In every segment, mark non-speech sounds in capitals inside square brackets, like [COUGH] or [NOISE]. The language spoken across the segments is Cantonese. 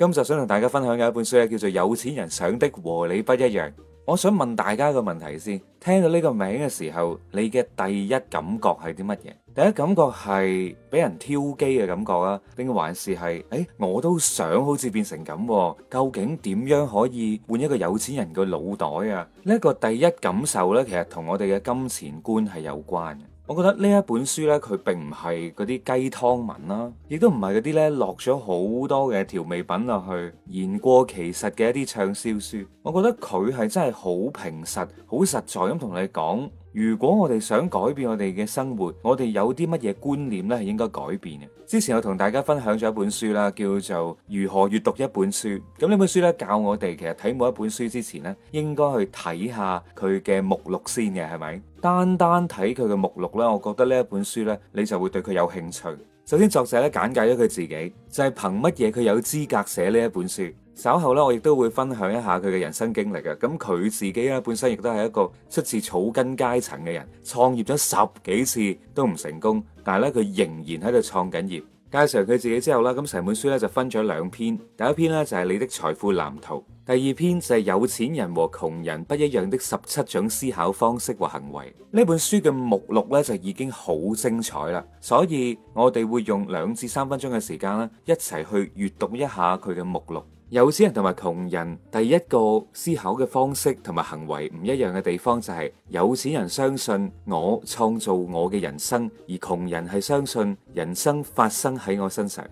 今集想同大家分享嘅一本書咧，叫做《有錢人想的和你不一樣》。我想問大家一個問題先，聽到呢個名嘅時候，你嘅第一感覺係啲乜嘢？第一感覺係俾人挑機嘅感覺啊，定還是係誒、哎、我都想好似變成咁？究竟點樣可以換一個有錢人嘅腦袋啊？呢、這、一個第一感受呢，其實同我哋嘅金錢觀係有關嘅。我覺得呢一本書呢，佢並唔係嗰啲雞湯文啦、啊，亦都唔係嗰啲咧落咗好多嘅調味品落去，言過其實嘅一啲暢銷書。我覺得佢係真係好平實、好實在咁同你講。如果我哋想改變我哋嘅生活，我哋有啲乜嘢觀念呢係應該改變嘅？之前我同大家分享咗一本書啦，叫做《如何閱讀一本書》。咁呢本書呢，教我哋，其實睇每一本書之前呢，應該去睇下佢嘅目錄先嘅，係咪？單單睇佢嘅目錄呢，我覺得呢一本書呢，你就會對佢有興趣。首先，作者咧簡介咗佢自己，就係憑乜嘢佢有資格寫呢一本書。稍後咧，我亦都會分享一下佢嘅人生經歷嘅。咁佢自己咧本身亦都係一個出自草根階層嘅人，創業咗十幾次都唔成功，但係咧佢仍然喺度創緊業。介紹佢自己之後啦，咁成本書咧就分咗兩篇，第一篇咧就係《你的財富藍圖》。第二篇就係有錢人和窮人不一樣的十七種思考方式和行為。呢本書嘅目錄咧就已經好精彩啦，所以我哋會用兩至三分鐘嘅時間啦，一齊去閱讀一下佢嘅目錄。有錢人同埋窮人第一個思考嘅方式同埋行為唔一樣嘅地方就係有錢人相信我創造我嘅人生，而窮人係相信人生發生喺我身上。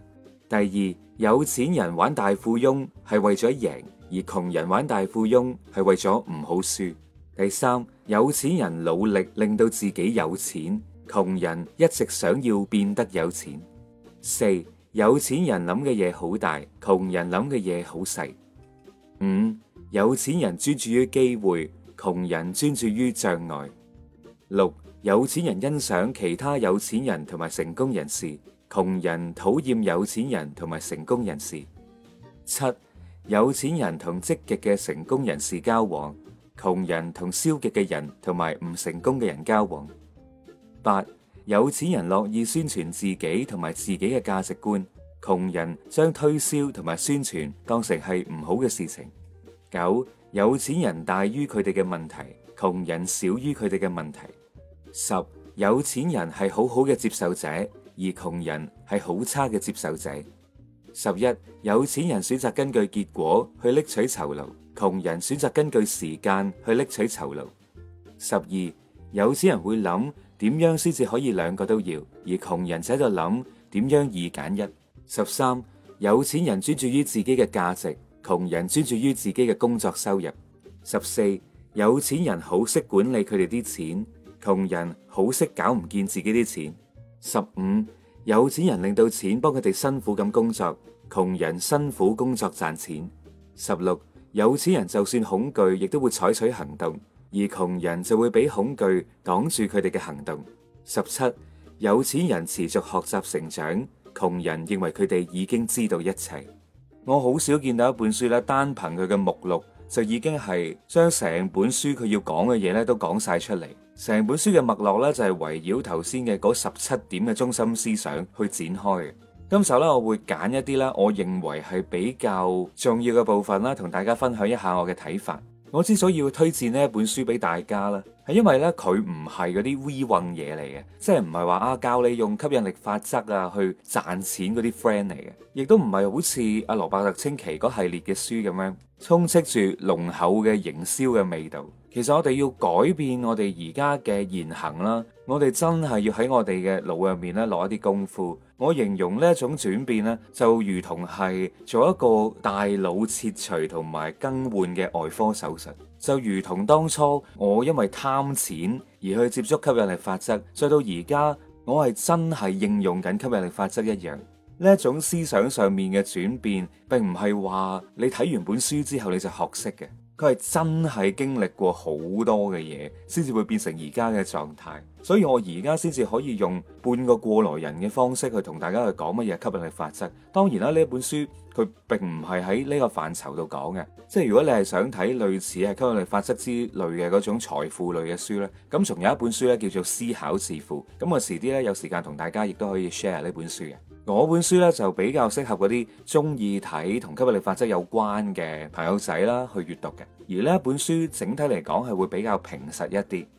第二，有錢人玩大富翁係為咗贏。而窮人玩大富翁係為咗唔好輸。第三，有錢人努力令到自己有錢，窮人一直想要變得有錢。四，有錢人諗嘅嘢好大，窮人諗嘅嘢好細。五，有錢人專注於機會，窮人專注於障礙。六，有錢人欣賞其他有錢人同埋成功人士，窮人討厭有錢人同埋成功人士。七，有錢人同積極嘅成功人士交往，窮人同消極嘅人同埋唔成功嘅人交往。八，有錢人樂意宣傳自己同埋自己嘅價值觀，窮人將推銷同埋宣傳當成係唔好嘅事情。九，有錢人大於佢哋嘅問題，窮人少於佢哋嘅問題。十，有錢人係好好嘅接受者，而窮人係好差嘅接受者。十一，有錢人選擇根據結果去拎取酬勞，窮人選擇根據時間去拎取酬勞。十二，有錢人會諗點樣先至可以兩個都要，而窮人就喺度諗點樣二揀一。十三，有錢人專注於自己嘅價值，窮人專注於自己嘅工作收入。十四，有錢人好識管理佢哋啲錢，窮人好識搞唔見自己啲錢。十五。有錢人令到錢幫佢哋辛苦咁工作，窮人辛苦工作賺錢。十六，有錢人就算恐懼，亦都會採取行動，而窮人就會俾恐懼擋住佢哋嘅行動。十七，有錢人持續學習成長，窮人認為佢哋已經知道一切。我好少見到一本書咧，單憑佢嘅目錄。就已經係將成本書佢要講嘅嘢咧都講晒出嚟，成本書嘅脈絡咧就係圍繞頭先嘅嗰十七點嘅中心思想去展開嘅。今集咧我會揀一啲咧我認為係比較重要嘅部分啦，同大家分享一下我嘅睇法。我之所以會推薦呢一本書俾大家啦。因為咧，佢唔係嗰啲 we 嘢嚟嘅，即係唔係話啊教你用吸引力法則啊去賺錢嗰啲 friend 嚟嘅，亦都唔係好似阿羅伯特清奇嗰系列嘅書咁樣充斥住濃厚嘅營銷嘅味道。其實我哋要改變我哋而家嘅言行啦，我哋真係要喺我哋嘅腦入面咧落一啲功夫。我形容呢一種轉變呢，就如同係做一個大腦切除同埋更換嘅外科手術。就如同當初我因為貪錢而去接觸吸引力法則，再到而家我係真係應用緊吸引力法則一樣，呢一種思想上面嘅轉變，並唔係話你睇完本書之後你就學識嘅。佢係真係經歷過好多嘅嘢，先至會變成而家嘅狀態。所以我而家先至可以用半個過來人嘅方式去同大家去講乜嘢吸引力法則。當然啦，呢本書佢並唔係喺呢個範疇度講嘅。即係如果你係想睇類似係吸引力法則之類嘅嗰種財富類嘅書呢，咁仲有一本書呢叫做《思考致富》。咁我遲啲呢，有時間同大家亦都可以 share 呢本書嘅。我本書咧就比較適合嗰啲中意睇同吸引力法則有關嘅朋友仔啦，去閱讀嘅。而呢本書整體嚟講係會比較平實一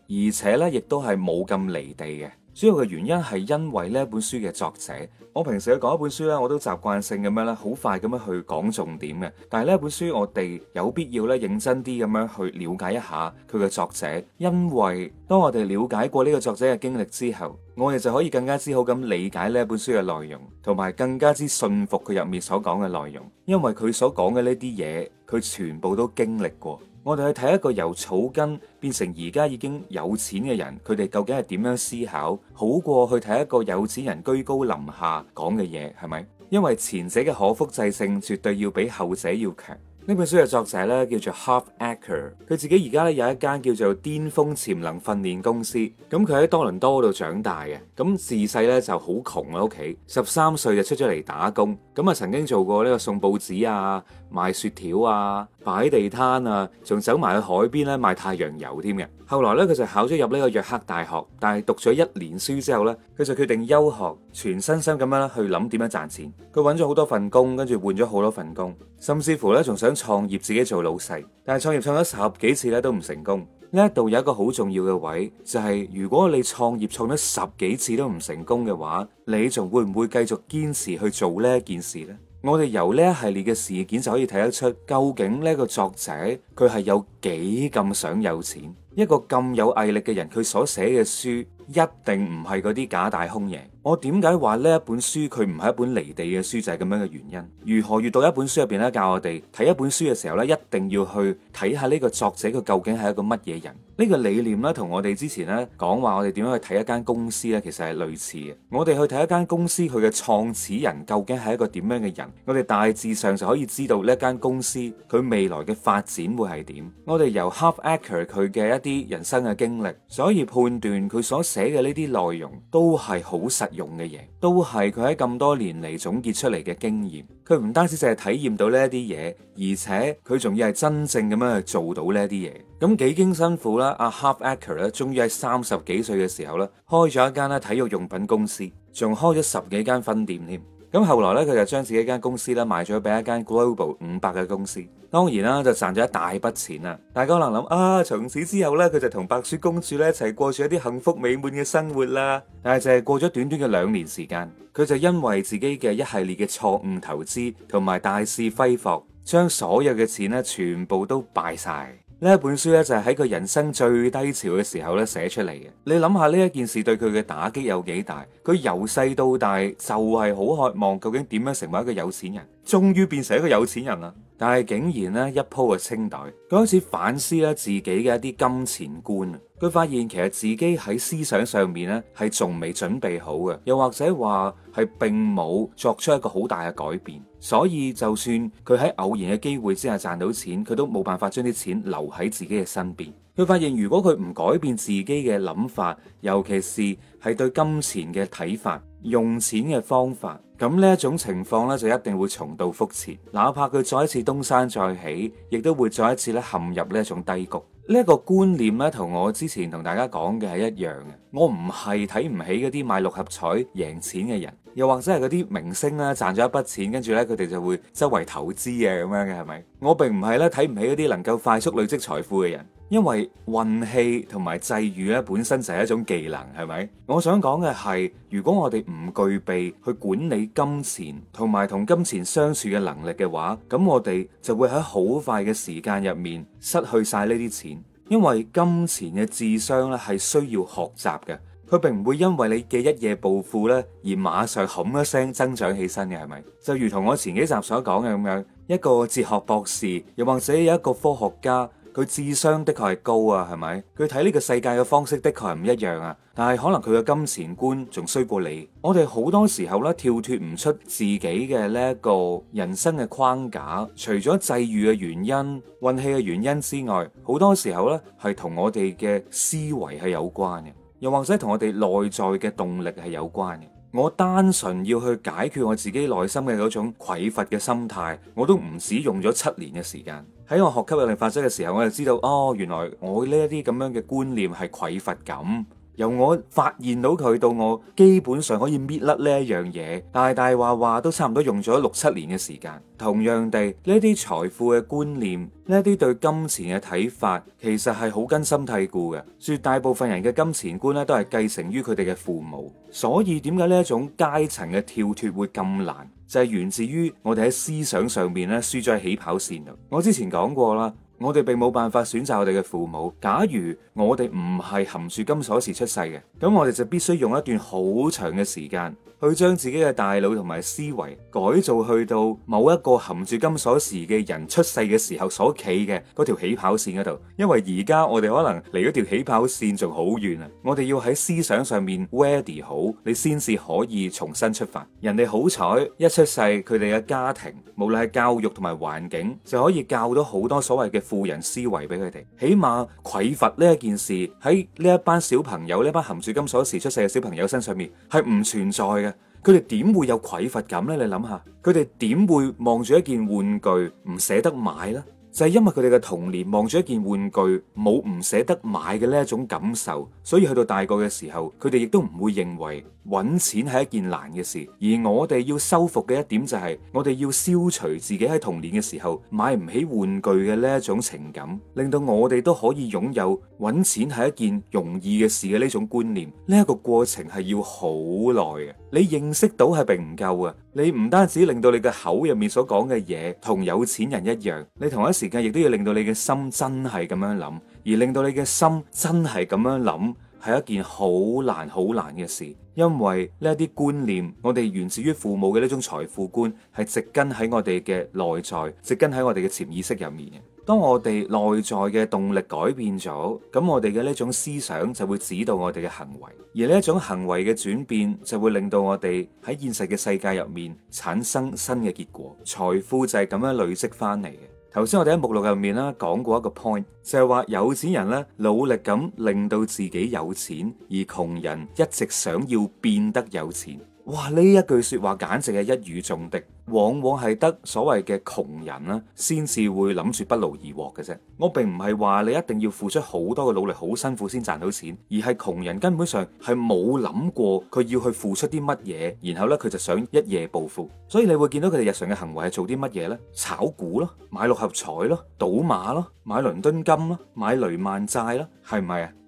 啲，而且呢亦都係冇咁離地嘅。主要嘅原因係因為呢本書嘅作者，我平時去講一本書呢，我都習慣性咁樣咧，好快咁樣去講重點嘅。但係呢本書，我哋有必要咧，認真啲咁樣去了解一下佢嘅作者，因為當我哋了解過呢個作者嘅經歷之後，我哋就可以更加之好咁理解呢本書嘅內容，同埋更加之信服佢入面所講嘅內容，因為佢所講嘅呢啲嘢，佢全部都經歷過。我哋去睇一個由草根變成而家已經有錢嘅人，佢哋究竟係點樣思考？好過去睇一個有錢人居高臨下講嘅嘢，係咪？因為前者嘅可複製性絕對要比後者要強。呢本書嘅作者咧叫做 Harv Eker，佢自己而家咧有一間叫做巔峰潛能訓練公司。咁佢喺多倫多度長大嘅，咁自細咧就好窮啊屋企，十三歲就出咗嚟打工，咁啊曾經做過呢個送報紙啊。賣雪條啊，擺地攤啊，仲走埋去海邊咧賣太陽油添嘅。後來咧佢就考咗入呢個約克大學，但係讀咗一年書之後咧，佢就決定休學，全身心咁樣去諗點樣賺錢。佢揾咗好多份工，跟住換咗好多份工，甚至乎咧仲想創業自己做老細。但係創業創咗十幾次咧都唔成功。呢一度有一個好重要嘅位，就係如果你創業創咗十幾次都唔成功嘅話，你仲會唔會繼續堅持去做呢一件事呢？我哋由呢一系列嘅事件就可以睇得出，究竟呢個作者佢係有幾咁想有錢？一個咁有毅力嘅人，佢所寫嘅書。一定唔係嗰啲假大空嘢。我點解話呢一本書佢唔係一本離地嘅書就係咁樣嘅原因？如何閱讀一本書入邊咧教我哋睇一本書嘅時候咧，一定要去睇下呢個作者佢究竟係一個乜嘢人？呢個理念咧同我哋之前咧講話我哋點樣去睇一間公司咧，其實係類似嘅。我哋去睇一間公司佢嘅創始人究竟係一個點樣嘅人，我哋大致上就可以知道呢一間公司佢未來嘅發展會係點。我哋由 Harv Eker 佢嘅一啲人生嘅經歷，所以判斷佢所寫嘅呢啲內容都係好實用嘅嘢，都係佢喺咁多年嚟總結出嚟嘅經驗。佢唔單止淨係體驗到呢一啲嘢，而且佢仲要係真正咁樣去做到呢一啲嘢。咁幾經辛苦啦，阿、啊、Harv Eker 咧，終於喺三十幾歲嘅時候咧，開咗一間咧體育用品公司，仲開咗十幾間分店添。咁後來咧，佢就將自己一間公司咧賣咗俾一間 Global 五百嘅公司，當然啦就賺咗一大筆錢啦。大家可能諗啊，從此之後咧，佢就同白雪公主咧一齊過住一啲幸福美滿嘅生活啦。但係就係過咗短短嘅兩年時間，佢就因為自己嘅一系列嘅錯誤投資同埋大肆揮霍，將所有嘅錢咧全部都敗晒。呢一本書咧就係喺佢人生最低潮嘅時候咧寫出嚟嘅。你諗下呢一件事對佢嘅打擊有幾大？佢由細到大就係好渴望究竟點樣成為一個有錢人，終於變成一個有錢人啦。但係竟然呢，一鋪嘅清袋，佢開始反思咧自己嘅一啲金錢觀。佢發現其實自己喺思想上面呢，係仲未準備好嘅，又或者話係並冇作出一個好大嘅改變，所以就算佢喺偶然嘅機會之下賺到錢，佢都冇辦法將啲錢留喺自己嘅身邊。佢發現如果佢唔改變自己嘅諗法，尤其是係對金錢嘅睇法、用錢嘅方法。咁呢一種情況呢，就一定會重蹈覆轍，哪怕佢再一次東山再起，亦都會再一次咧陷入呢一種低谷。呢、這、一個觀念呢，同我之前同大家講嘅係一樣嘅。我唔係睇唔起嗰啲買六合彩贏錢嘅人，又或者係嗰啲明星咧賺咗一筆錢，跟住呢，佢哋就會周圍投資啊咁樣嘅係咪？我並唔係咧睇唔起嗰啲能夠快速累積財富嘅人。因為運氣同埋際遇咧，本身就係一種技能，係咪？我想講嘅係，如果我哋唔具備去管理金錢同埋同金錢相處嘅能力嘅話，咁我哋就會喺好快嘅時間入面失去晒呢啲錢。因為金錢嘅智商咧係需要學習嘅，佢並唔會因為你嘅一夜暴富咧而馬上冚一聲增長起身嘅，係咪？就如同我前幾集所講嘅咁樣，一個哲學博士，又或者有一個科學家。佢智商的確係高啊，係咪？佢睇呢個世界嘅方式的確係唔一樣啊。但係可能佢嘅金錢觀仲衰過你。我哋好多時候咧跳脱唔出自己嘅呢一個人生嘅框架，除咗際遇嘅原因，運氣嘅原因之外，好多時候咧係同我哋嘅思維係有關嘅，又或者同我哋內在嘅動力係有關嘅。我單純要去解決我自己內心嘅嗰種匱乏嘅心態，我都唔止用咗七年嘅時間。喺我學吸引力法則嘅時候，我就知道哦，原來我呢一啲咁樣嘅觀念係匱乏感。由我發現到佢到我基本上可以搣甩呢一樣嘢，大大話話都差唔多用咗六七年嘅時間。同樣地，呢啲財富嘅觀念，呢啲對金錢嘅睇法，其實係好根深蒂固嘅。絕大部分人嘅金錢觀咧，都係繼承於佢哋嘅父母。所以點解呢一種階層嘅跳脫會咁難，就係、是、源自於我哋喺思想上面咧輸咗喺起跑線度。我之前講過啦。我哋並冇辦法選擇我哋嘅父母。假如我哋唔係含住金鎖匙出世嘅，咁我哋就必須用一段好長嘅時間去將自己嘅大腦同埋思維改造，去到某一個含住金鎖匙嘅人出世嘅時候所企嘅嗰條起跑線嗰度。因為而家我哋可能離嗰條起跑線仲好遠啊！我哋要喺思想上面 ready 好，你先至可以重新出發。人哋好彩一出世，佢哋嘅家庭，無論係教育同埋環境，就可以教到好多所謂嘅。富人思維俾佢哋，起碼匱乏呢一件事喺呢一班小朋友、呢班含住金鎖匙出世嘅小朋友身上面係唔存在嘅。佢哋點會有匱乏感呢？你諗下，佢哋點會望住一件玩具唔捨得買呢？就係因為佢哋嘅童年望住一件玩具冇唔捨得買嘅呢一種感受，所以去到大個嘅時候，佢哋亦都唔會認為。揾錢係一件難嘅事，而我哋要修復嘅一點就係，我哋要消除自己喺童年嘅時候買唔起玩具嘅呢一種情感，令到我哋都可以擁有揾錢係一件容易嘅事嘅呢種觀念。呢一個過程係要好耐嘅，你認識到係並唔夠啊！你唔單止令到你嘅口入面所講嘅嘢同有錢人一樣，你同一時間亦都要令到你嘅心真係咁樣諗，而令到你嘅心真係咁樣諗係一件好難、好難嘅事，因為呢一啲觀念，我哋源自於父母嘅呢種財富觀，係植根喺我哋嘅內在，植根喺我哋嘅潛意識入面嘅。當我哋內在嘅動力改變咗，咁我哋嘅呢種思想就會指導我哋嘅行為，而呢一種行為嘅轉變就會令到我哋喺現實嘅世界入面產生新嘅結果，財富就係咁樣累積翻嚟嘅。頭先我哋喺目錄入面啦講過一個 point，就係話有錢人咧努力咁令到自己有錢，而窮人一直想要變得有錢。哇！呢一句説話簡直係一語中的。往往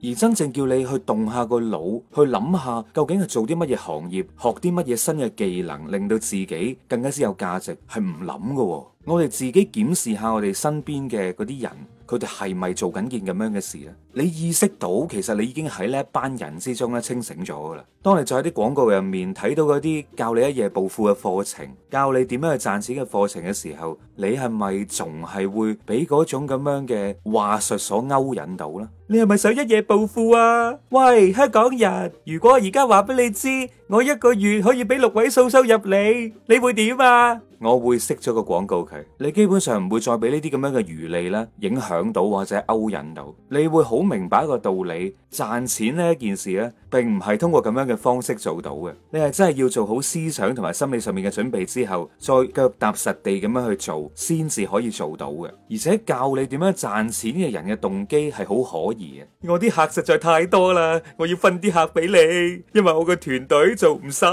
而真正叫你去動下個腦，去諗下究竟係做啲乜嘢行業，學啲乜嘢新嘅技能，令到自己更加之有價值，係唔諗嘅喎。我哋自己檢視下我哋身邊嘅嗰啲人。佢哋係咪做緊件咁樣嘅事呢？你意識到其實你已經喺呢一班人之中咧清醒咗噶啦。當你就喺啲廣告入面睇到嗰啲教你一夜暴富嘅課程，教你點樣去賺錢嘅課程嘅時候，你係咪仲係會俾嗰種咁樣嘅話術所勾引到呢？你係咪想一夜暴富啊？喂，香港人，如果而家話俾你知，我一個月可以俾六位數收入你，你會點啊？我會熄咗個廣告佢，你基本上唔會再俾呢啲咁樣嘅餘利啦，影響到或者勾引到，你會好明白一個道理，賺錢呢件事咧，並唔係通過咁樣嘅方式做到嘅，你係真係要做好思想同埋心理上面嘅準備之後，再腳踏實地咁樣去做，先至可以做到嘅。而且教你點樣賺錢嘅人嘅動機係好可疑嘅。我啲客實在太多啦，我要分啲客俾你，因為我個團隊做唔晒，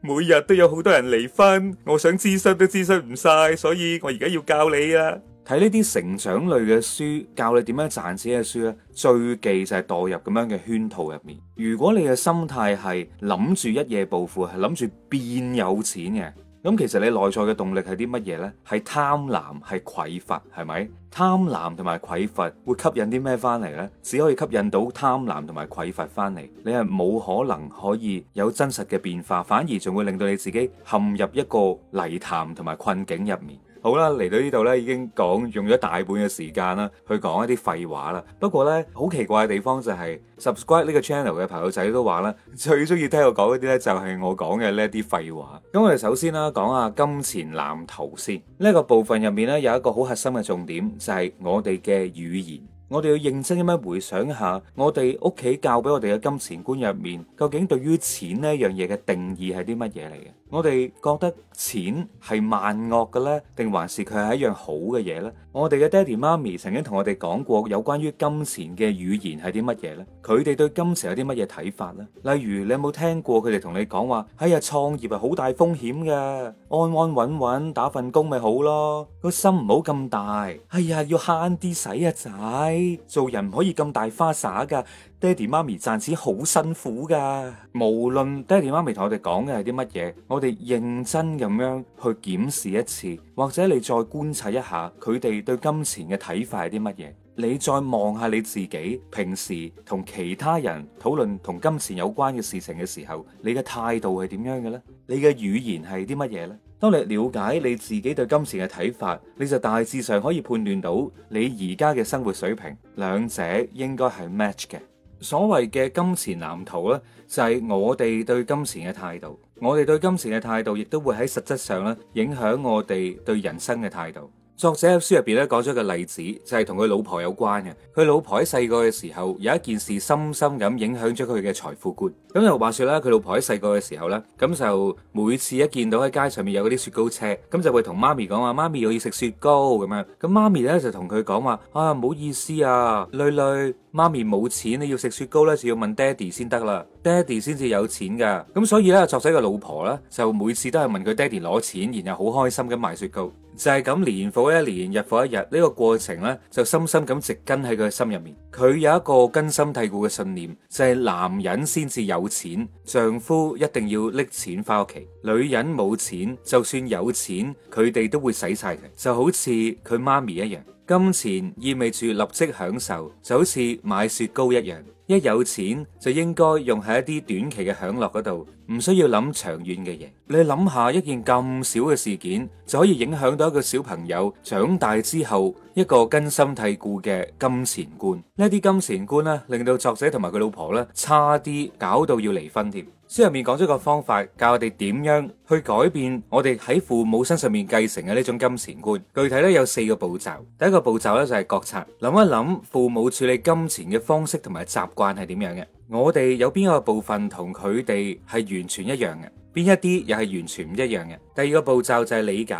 每日都有好多人離婚，我想諮詢。都諮詢唔晒，所以我而家要教你啊！睇呢啲成長類嘅書，教你點樣賺錢嘅書咧，最忌就係墮入咁樣嘅圈套入面。如果你嘅心態係諗住一夜暴富，係諗住變有錢嘅。咁其實你內在嘅動力係啲乜嘢呢？係貪婪，係匱乏，係咪？貪婪同埋匱乏會吸引啲咩翻嚟呢？只可以吸引到貪婪同埋匱乏翻嚟。你係冇可能可以有真實嘅變化，反而仲會令到你自己陷入一個泥潭同埋困境入面。好啦，嚟到呢度呢，已經講用咗大半嘅時間啦，去講一啲廢話啦。不過呢，好奇怪嘅地方就係 subscribe 呢個 channel 嘅朋友仔都話啦，最中意聽我講嗰啲呢，就係我講嘅呢啲廢話。咁我哋首先啦，講下金錢藍圖先。呢個部分入面呢，有一個好核心嘅重點，就係我哋嘅語言。我哋要認真咁樣回想一下，我哋屋企教俾我哋嘅金錢觀入面，究竟對於錢呢樣嘢嘅定義係啲乜嘢嚟嘅？我哋覺得錢係萬惡嘅呢，定還是佢係一樣好嘅嘢呢？我哋嘅爹地媽咪曾經同我哋講過有關於金錢嘅語言係啲乜嘢呢？佢哋對金錢有啲乜嘢睇法呢？例如你有冇聽過佢哋同你講話？哎呀，創業係好大風險噶，安安穩穩打份工咪好咯，個心唔好咁大。哎呀，要慳啲使啊仔，做人唔可以咁大花灑噶。爹地媽咪賺錢好辛苦㗎，無論爹地媽咪同我哋講嘅係啲乜嘢，我哋認真咁樣去檢視一次，或者你再觀察一下佢哋對金錢嘅睇法係啲乜嘢。你再望下你自己平時同其他人討論同金錢有關嘅事情嘅時候，你嘅態度係點樣嘅咧？你嘅語言係啲乜嘢咧？當你了解你自己對金錢嘅睇法，你就大致上可以判斷到你而家嘅生活水平，兩者應該係 match 嘅。所謂嘅金錢藍圖呢，就係我哋對金錢嘅態度。我哋對金錢嘅態度，亦都會喺實質上咧，影響我哋對人生嘅態度。作者喺書入邊咧講咗個例子，就係同佢老婆有關嘅。佢老婆喺細個嘅時候，有一件事深深咁影響咗佢嘅財富觀。咁又話說啦，佢老婆喺細個嘅時候咧，咁就每次一見到喺街上面有嗰啲雪糕車，咁就會同媽咪講話：媽咪我要食雪糕咁樣。咁媽咪咧就同佢講話：啊唔好意思啊，囡囡。媽咪冇錢，你要食雪糕咧，就要問爹哋先得啦。爹哋先至有錢噶。咁所以咧，作者嘅老婆咧，就每次都係問佢爹哋攞錢，然後好開心咁買雪糕。就係咁，年復一年日復一日，呢、這個過程咧就深深咁植根喺佢心入面。佢有一個根深蒂固嘅信念，就係、是、男人先至有錢，丈夫一定要拎錢返屋企，女人冇錢，就算有錢，佢哋都會使晒佢。就好似佢媽咪一樣，金錢意味住立即享受，就好似買雪糕一樣。一有錢，就應該用喺一啲短期嘅享樂嗰度，唔需要諗長遠嘅嘢。你諗下一件咁少嘅事件，就可以影響到一個小朋友長大之後一個根深蒂固嘅金錢觀。呢啲金錢觀呢，令到作者同埋佢老婆呢，差啲搞到要離婚添。書入面講咗個方法，教我哋點樣去改變我哋喺父母身上面繼承嘅呢種金錢觀。具體咧，有四個步驟。第一個步驟咧就係覺察，諗一諗父母處理金錢嘅方式同埋習慣係點樣嘅。我哋有邊個部分同佢哋係完全一樣嘅，邊一啲又係完全唔一樣嘅？第二個步驟就係理解，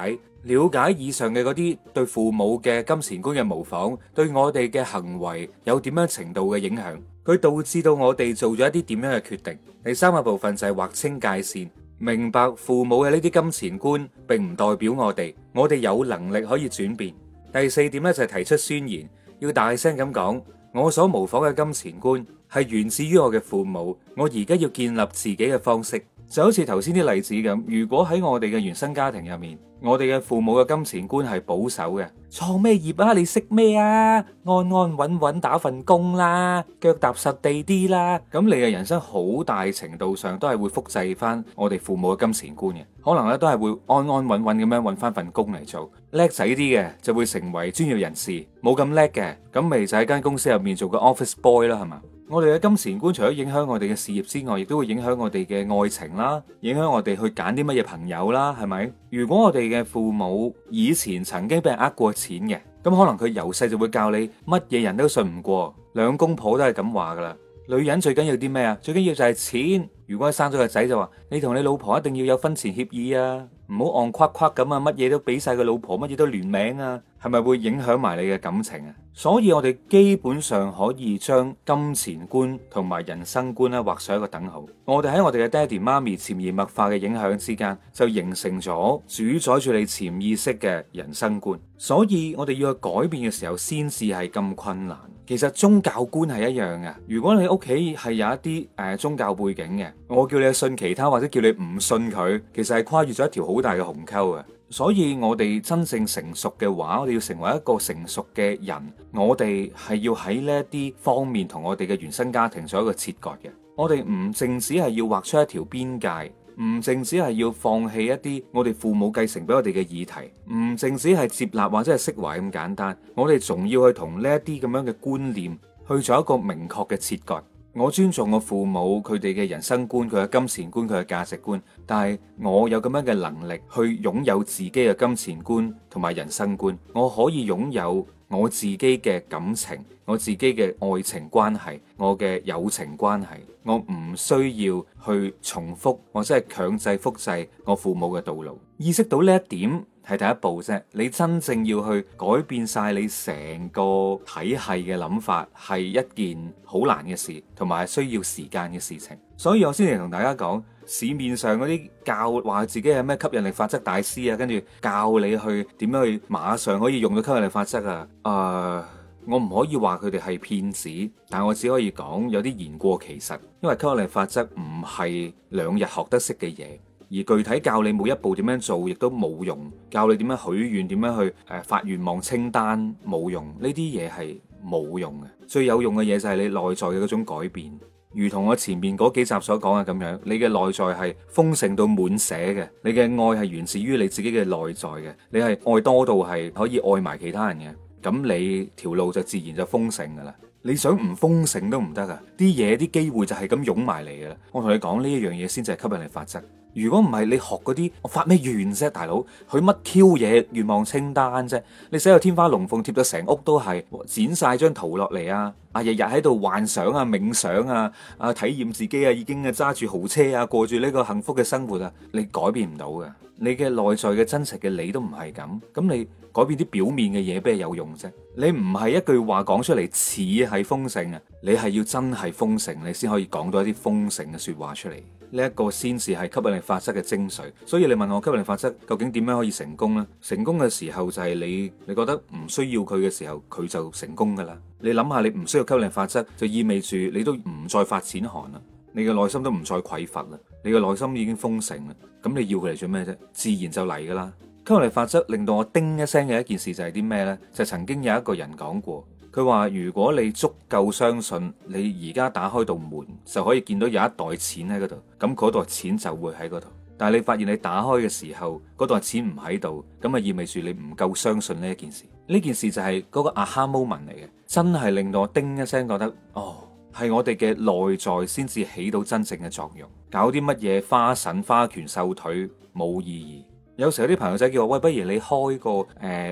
了解以上嘅嗰啲對父母嘅金錢觀嘅模仿，對我哋嘅行為有點樣程度嘅影響。佢導致到我哋做咗一啲點樣嘅決定。第三個部分就係劃清界線，明白父母嘅呢啲金錢觀，並唔代表我哋。我哋有能力可以轉變。第四點咧就係提出宣言，要大聲咁講，我所模仿嘅金錢觀係源自於我嘅父母，我而家要建立自己嘅方式。就好似頭先啲例子咁，如果喺我哋嘅原生家庭入面，我哋嘅父母嘅金錢觀係保守嘅，創咩業啊？你識咩啊？安安穩穩打份工啦，腳踏實地啲啦。咁你嘅人生好大程度上都係會複製翻我哋父母嘅金錢觀嘅，可能咧都係會安安穩穩咁樣揾翻份工嚟做。叻仔啲嘅就會成為專業人士，冇咁叻嘅咁咪就喺間公司入面做個 office boy 啦，係嘛？我哋嘅金錢觀除咗影響我哋嘅事業之外，亦都會影響我哋嘅愛情啦，影響我哋去揀啲乜嘢朋友啦，係咪？如果我哋嘅父母以前曾經俾人呃過錢嘅，咁可能佢由細就會教你乜嘢人都信唔過，兩公婆都係咁話㗎喇。女人最緊要啲咩啊？最緊要就係錢。如果生咗個仔就話，你同你老婆一定要有婚前協議啊，唔好按誇誇咁啊，乜嘢都俾晒個老婆，乜嘢都聯名啊，係咪會影響埋你嘅感情啊？所以我哋基本上可以將金錢觀同埋人生觀咧畫上一個等號。我哋喺我哋嘅爹地媽咪潛移默化嘅影響之間，就形成咗主宰住你潛意識嘅人生觀。所以我哋要去改變嘅時候，先至係咁困難。其實宗教觀係一樣嘅。如果你屋企係有一啲誒、呃、宗教背景嘅，我叫你信其他或者叫你唔信佢，其實係跨越咗一條好大嘅鴻溝嘅。所以我哋真正成熟嘅話，我哋要成為一個成熟嘅人，我哋係要喺呢一啲方面同我哋嘅原生家庭做一個切割嘅。我哋唔淨止係要畫出一條邊界。唔淨止係要放棄一啲我哋父母繼承俾我哋嘅議題，唔淨止係接納或者係釋懷咁簡單，我哋仲要去同呢一啲咁樣嘅觀念去做一個明確嘅切割。我尊重我父母佢哋嘅人生觀、佢嘅金錢觀、佢嘅價值觀，但係我有咁樣嘅能力去擁有自己嘅金錢觀同埋人生觀，我可以擁有。我自己嘅感情，我自己嘅愛情關係，我嘅友情關係，我唔需要去重複，或者係強制複製我父母嘅道路。意識到呢一點係第一步啫，你真正要去改變晒你成個體系嘅諗法，係一件好難嘅事，同埋需要時間嘅事情。所以我先嚟同大家講。市面上嗰啲教話自己係咩吸引力法則大師啊，跟住教你去點樣去馬上可以用到吸引力法則啊！啊，uh，我唔可以話佢哋係騙子，但我只可以講有啲言過其實，因為吸引力法則唔係兩日學得識嘅嘢，而具體教你每一步點樣做亦都冇用，教你點樣許願、點樣去誒、呃、發願望清單冇用，呢啲嘢係冇用嘅。最有用嘅嘢就係你內在嘅嗰種改變。如同我前面嗰幾集所講嘅咁樣，你嘅內在係豐盛到滿瀉嘅，你嘅愛係源自於你自己嘅內在嘅，你係愛多到係可以愛埋其他人嘅。咁你條路就自然就豐盛噶啦，你想唔豐盛都唔得啊！啲嘢啲機會就係咁湧埋嚟嘅。我同你講呢一樣嘢先至係吸引力法則。如果唔係你學嗰啲，我發咩願啫，大佬？佢乜挑嘢願望清單啫？你寫個天花龍鳳貼到成屋都係，剪晒張圖落嚟啊！啊，日日喺度幻想啊、冥想啊、啊體驗自己啊，已經啊揸住豪車啊，過住呢個幸福嘅生活啊，你改變唔到嘅。你嘅內在嘅真實嘅你都唔係咁，咁你改變啲表面嘅嘢，邊係有用啫？你唔係一句話講出嚟似係豐盛啊，你係要真係豐盛，你先可以講到一啲豐盛嘅說話出嚟。呢一個先至係吸引力法則嘅精髓。所以你問我吸引力法則究竟點樣可以成功呢？成功嘅時候就係你，你覺得唔需要佢嘅時候，佢就成功噶啦。你諗下，你唔需要吸引力法則，就意味住你都唔再發錢寒啦，你嘅內心都唔再匱乏啦。你嘅內心已經封城啦，咁你要佢嚟做咩啫？自然就嚟噶啦。吸引力法則令到我叮一聲嘅一件事就係啲咩呢？就是，曾經有一個人講過，佢話如果你足夠相信，你而家打開道門就可以見到有一袋錢喺嗰度，咁嗰袋錢就會喺嗰度。但係你發現你打開嘅時候，嗰袋錢唔喺度，咁啊意味住你唔夠相信呢一件事。呢件事就係嗰，那個阿哈 moment 嚟嘅，真係令到我叮一聲，覺得哦。係我哋嘅內在先至起到真正嘅作用，搞啲乜嘢花神花拳繡腿冇意義。有時候有啲朋友仔叫我喂，不如你開個誒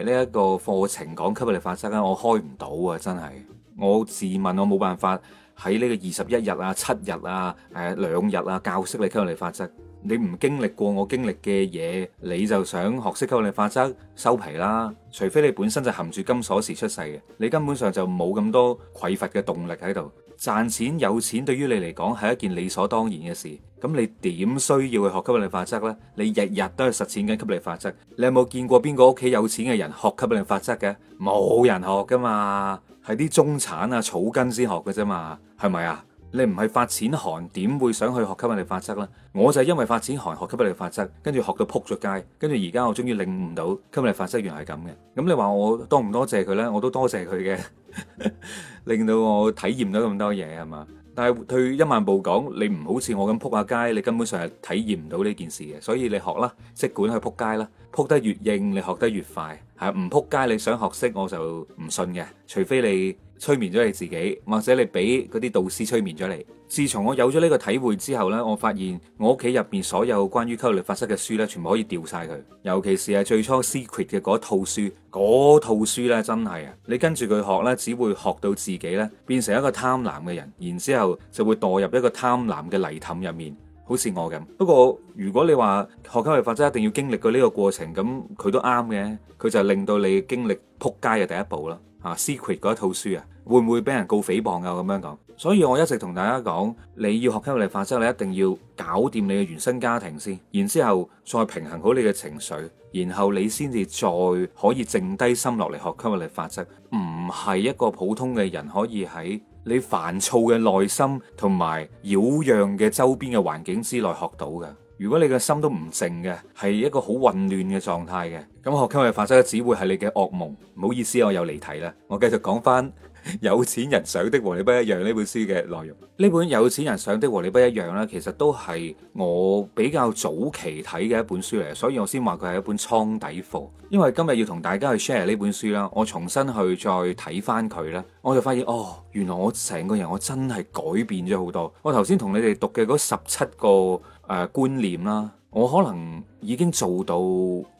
呢一個課程講吸引力法則啦，我開唔到啊！真係，我自問我冇辦法喺呢個二十一日啊、七日啊、誒、呃、兩日啊教識你吸引力法則。你唔經歷過我經歷嘅嘢，你就想學識吸引力法則收皮啦。除非你本身就含住金鎖匙出世嘅，你根本上就冇咁多匱乏嘅動力喺度。賺錢有錢對於你嚟講係一件理所當然嘅事，咁你點需要去學吸引力法則呢？你日日都係實踐緊吸引力法則，你有冇見過邊個屋企有錢嘅人學吸引力法則嘅？冇人學噶嘛，係啲中產啊草根先學噶啫嘛，係咪啊？你唔係發錢寒，點會想去學吸引力法則呢？我就係因為發錢寒學吸引力法則，跟住學到扑咗街，跟住而家我終於領悟到吸引力法則原來係咁嘅。咁你話我多唔多謝佢呢？我都多謝佢嘅，令到我體驗到咁多嘢係嘛。但係退一萬步講，你唔好似我咁扑下街，你根本上係體驗唔到呢件事嘅。所以你學啦，即管去扑街啦，扑得越應，你學得越快。係唔扑街，你想學識我就唔信嘅，除非你催眠咗你自己，或者你俾嗰啲導師催眠咗你。自從我有咗呢個體會之後呢，我發現我屋企入邊所有關於吸引力法則嘅書呢，全部可以掉晒佢。尤其是係最初 Secret 嘅嗰套書，嗰套書呢真係啊！你跟住佢學呢，只會學到自己呢變成一個貪婪嘅人，然之後就會墮入一個貪婪嘅泥潭入面，好似我咁。不過如果你話學吸引力法則一定要經歷過呢個過程，咁佢都啱嘅，佢就令到你經歷撲街嘅第一步啦。啊，Secret 嗰一套書啊，會唔會俾人告誹謗啊？我咁樣講。所以我一直同大家講，你要學吸引力法則，你一定要搞掂你嘅原生家庭先，然之後再平衡好你嘅情緒，然後你先至再可以靜低心落嚟學吸引力法則。唔係一個普通嘅人可以喺你煩躁嘅內心同埋擾攘嘅周邊嘅環境之內學到嘅。如果你嘅心都唔靜嘅，係一個好混亂嘅狀態嘅，咁學今日嘅法則只會係你嘅噩夢。唔好意思，我又離題啦。我繼續講翻《有錢人想的和你不一樣》呢本書嘅內容。呢本《有錢人想的和你不一樣》呢，其實都係我比較早期睇嘅一本書嚟，所以我先話佢係一本倉底貨。因為今日要同大家去 share 呢本書啦，我重新去再睇翻佢啦，我就發現哦，原來我成個人我真係改變咗好多。我頭先同你哋讀嘅嗰十七個。誒、呃、觀念啦，我可能已經做到